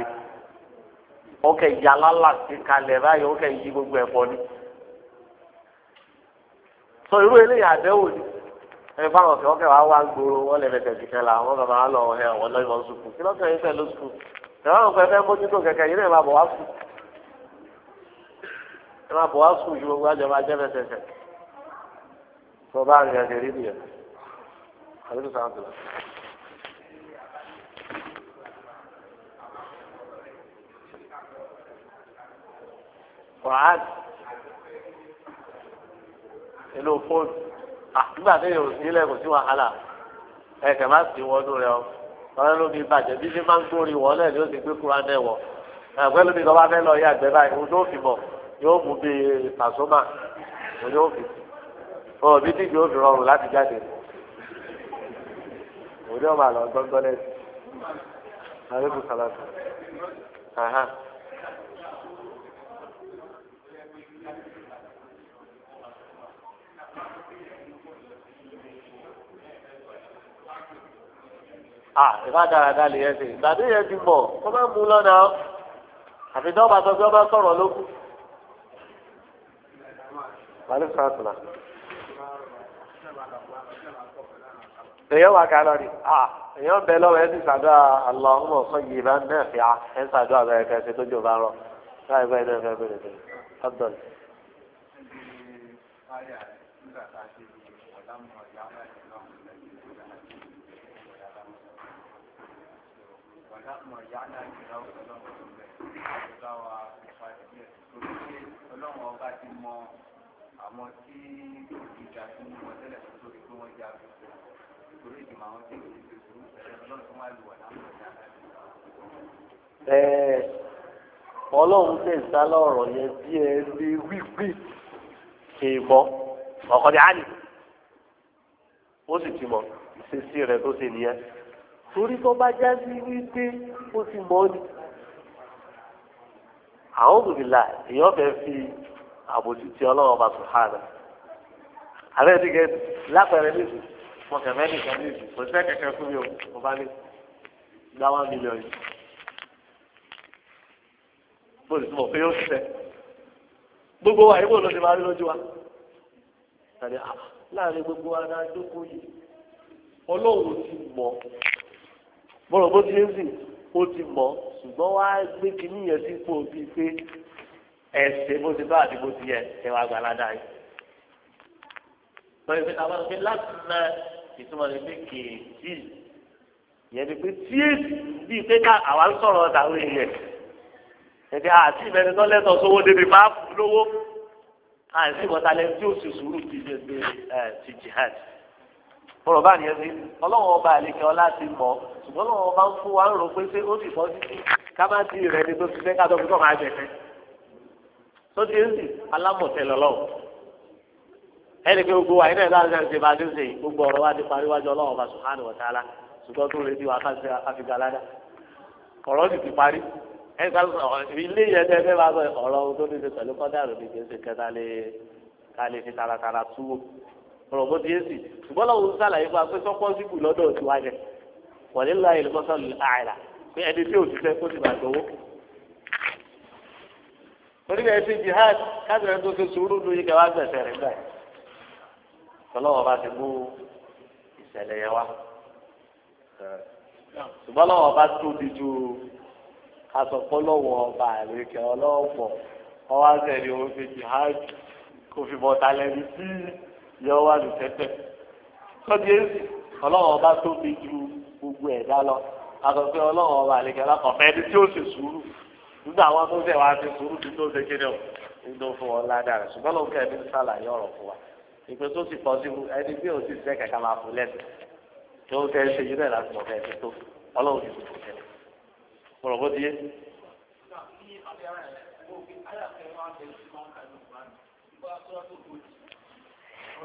ó kẹ́ lálà sí kalẹ̀ báyìí ó kẹ́ gbogbo ni. sọ irú ni wàá wá gbòòrò wọ́n tẹ̀wọ́n fẹ́ fẹ́ mójútó kẹ̀kẹ́ yìí náà máa bọ̀ wá sùn ẹ máa bọ̀ wá sùn ju gbogbo àjọ máa jẹ́ mẹ́sẹ̀sẹ̀ tó bá rìn àjẹ́ rí nìyẹn àbíkú sáà tó lọ. wàhálì inú fóònù àtúgbà tó yẹ òsì nílẹ̀ kò sí wàhálà ẹ̀ má sí wọ́n tó rẹ ọ́ wọn ló fi bàjẹ́ bí ṣe máa ń gbórí wọn náà ni ti gbé kúrán náà wọ àgbẹ̀ lómi lọ́ba fẹ́ lọ yá àgbẹ̀ báyìí òun ló fi mọ̀ yóò mú bí pàṣọmà òun yóò fi ọ bí dídì ó fi rọrùn láti jáde òun yóò máa lọ gbọ́ngbọ́n lẹ́sìn àlékún sàlàtù. Aha. à ìfá dáradára lè yẹ ṣe ìgbà tó yẹ ti mọ̀ wọ́n máa ń mú lọ́nà àfi tí wọ́n bá sọ pé wọ́n bá sọ̀rọ̀ lókù. èèyàn wà kálọ̀ ni à èèyàn bẹ lọ́wọ́ ẹ sì ṣàdúrà Allahumma sayyiban nafi'a ẹ ṣàdúrà bẹ́ẹ̀ kẹsẹ̀ tó jò bá rọ láì bẹ́ẹ̀ náà fẹ́ bẹ̀rẹ̀ bẹ́ẹ̀ ọ̀dọ́ni. lápùmọ̀ ìyá náà ìlà ọlọ́run rẹ̀ ọ̀gá wa ìfà ìdílé torí pé ọlọ́run ọba ń wọ tẹ́lẹ̀ yẹn bí ẹ lè wí pé kì í mọ ọ̀kọ̀dé àlè ó sì ti mọ ìṣesí rẹ tó ṣe nìyẹn torí tó bá já sí wípé ó ti mọ́ ni àwọn òbílà èèyàn fẹ́ fi àbójútì ọlọ́run ọba sùhánà ààrẹ ti gẹ lápẹẹrẹ níbi wọn kẹfẹ nìkan níbi kò sí kẹkẹ fún mi o mo bá ní gba one million yìí mo sì mọ̀ pé yóò ṣiṣẹ́ gbogbo wa ìwọ ló ti máa rí lójú wa ah, láàrin gbogbo wa náà jókòó yìí ọlọ́run ti mọ̀ bọ́rọ̀ bó ti ń sìn ó ti mọ̀ ṣùgbọ́n wá gbé kínní yẹn sí fún òbí pé ẹ̀sẹ̀ bó ti bá àti bó ti yẹ ẹ wá gbà ládàá yìí. lọ́yìn pé àwọn ọ̀gbìn láti na ìtumọ̀ ní pé kéèjì yẹn ni pé tí èsì bíi pé ká àwa ń sọ̀rọ̀ ọ̀tàwé yẹn ẹ̀dẹ̀ àti ìbẹ̀rẹ̀ tó lẹ́tọ̀ sówó débi máa fún lówó àìsí ìmọ̀tálẹ́ tí ó sì sùúrù ti jẹ́ ti jihad ọ̀rọ̀ bá nìyẹn sí ọlọ́wọ́n ọba àlekẹ́ ọlá ti mọ̀ ṣùgbọ́n ọlọ́wọ́n ọba ń fún wa ń rò pé ṣé ó sì fọ́ títí ká má ti rẹ̀ ni tó ti fẹ́ ká tó fi tọ́ máa jẹ fẹ́. tó ti ń sìn alámọ̀tẹ́ lọ́lọ́wọ́ ẹnì pé gbogbo àyínà ìlú àti àti ìbàdí ń sìn gbogbo ọ̀rọ̀ wa ti parí wájú ọlọ́wọ́n ọba subhanahu wa ta'ala ṣùgbọ́n tó retí wa ká fi galada ọ̀rọ̀ sì ti parí ilé yẹn tẹ́ fẹ́ máa sọ ọ̀rọ̀ ọ̀rọ̀ bó ti yé sí ṣùgbọ́n lọ́wọ́ ń sàlàyé fún wa pé sọ́kọ́ síkù lọ́dọ̀ ti wá jẹ wọ̀lé ńlá ìlúmọ́sán àìlà pé ẹni tí òṣìṣẹ́ kó ti bàjẹ́ owó. torí bẹ́ẹ̀ sí jihad kábìrẹ́ tó ṣe sùúrù ló yí kẹwàá gbẹ̀sẹ̀ rẹ̀ gbà tọ́lọ́wọ́ bá ti mú ìṣẹ̀lẹ̀ yẹn wá ṣùgbọ́n lọ́wọ́ bá tóbi ju asọ̀pọ̀lọ́wọ́ ọba àlekẹ́ ọlọ́wọ́ ọwọ́ jihad kó fi bọ́ta lẹ́nu yọ wá lù tẹ́tẹ́ sọ́dí èsì ọlọ́run ọba tóbi ju gbogbo ẹ̀dá lọ àtọ̀fẹ́ ọlọ́run ọba àlejò alákọ̀ọ́fẹ́ ẹni tí ó sì sùúrù nígbà wọn tó fẹ́ wá sí sùúrù tí tó ṣe kéde o nínú fún wọn ládàá rẹ̀ ṣùgbọ́n lóun kẹ́mi ń ṣàlàyé ọ̀rọ̀ fún wa ìpè tó sì pọ̀ sí ẹni bí òun sì fẹ́ kàkà máa fún lẹ́sìn tó ọlọ́run ti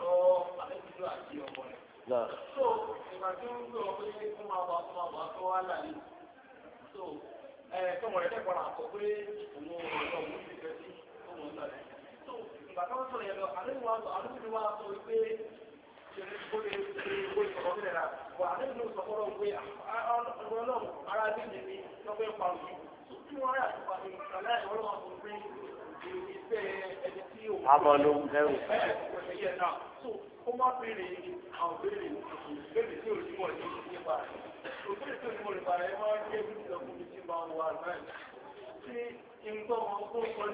ọ̀rọ̀ àlejò àti ọmọ rẹ̀. so ìgbà tí ó ń gbé ọmọ yẹn fún máa bá fún àwọn tó wá láàyè so ẹ tọmọ rẹ dẹkọrọ àkọ pé òun ọ̀rọ̀ òun ti fẹ́ sí òun ọ̀sán rẹ̀. so ìgbà táwọn sọ̀rọ̀ yẹn lọ àlejò wa àlejò wa sọ pé wà nínú sọ̀kọ́rọ̀ pé ọlọ́run ara ní ìdílé lọ́pẹ́ pa òyìnbó tí wọ́n rà nípa ìrìnsàlẹ̀ ìwọ́lọ́wọ́ fún àmọ́ ló ń bẹ̀rù. ó má béèrè àwọn béèrè béèrè tí olùdíwọ̀ ní nípa rẹ̀ òbéèrè tí olùdíwọ̀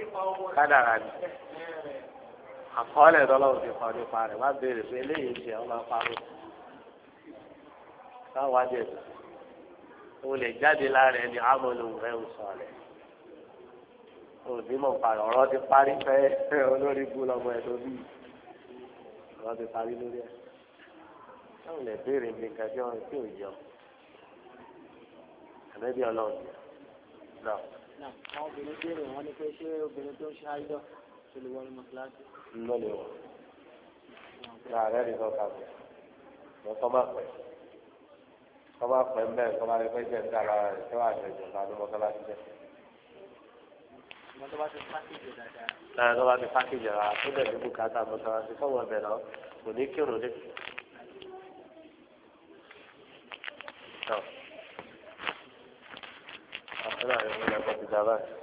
nípa kádàrà ni àkọọ́lẹ̀ tọ́lọ́wọ́ ti kọ nípa rẹ̀ wá béèrè pé eléyìí ṣe ọmọ apárò táwọn wájú ẹ̀ o lè jáde lára ẹni àmọ́ ló ń bẹ̀rù sọ̀rọ̀ òsì mọ̀ parí ọ̀rọ̀ ti parí fẹ́ olórí bú lọ́mọ ẹ̀ tó bí ọ̀rọ̀ ti parí lórí ẹ̀ táwọn lè béèrè mi kájọ tí ò yọ àbẹ́bí ọlọ́run náà. àwọn obìnrin béèrè wọn ni pé ṣé obìnrin tó ń ṣe àìdọ̀ ṣe lè wọlé mọ́tíláṣí. ń lọ lè wọ láàárẹ̀ ní sọ́ka mi mo kọ́ máa pẹ́ kọ́ máa pẹ́ mbẹ́ kọ́ máa rí pé jẹ́ ń dára rẹ̀ tó àjẹjọ́ ta ló mọ́tíláṣí jẹ́ tó bá ti pákéjì dáadáa. tó bá ti pákéjì rà tó dẹ̀ ní bùkátà mọ́sálásí fọwọ́ bẹ̀ lọ kò ní kírun dé. ọ̀sán àyẹ̀wò lẹ́kọ̀ọ́ ti dá báyìí.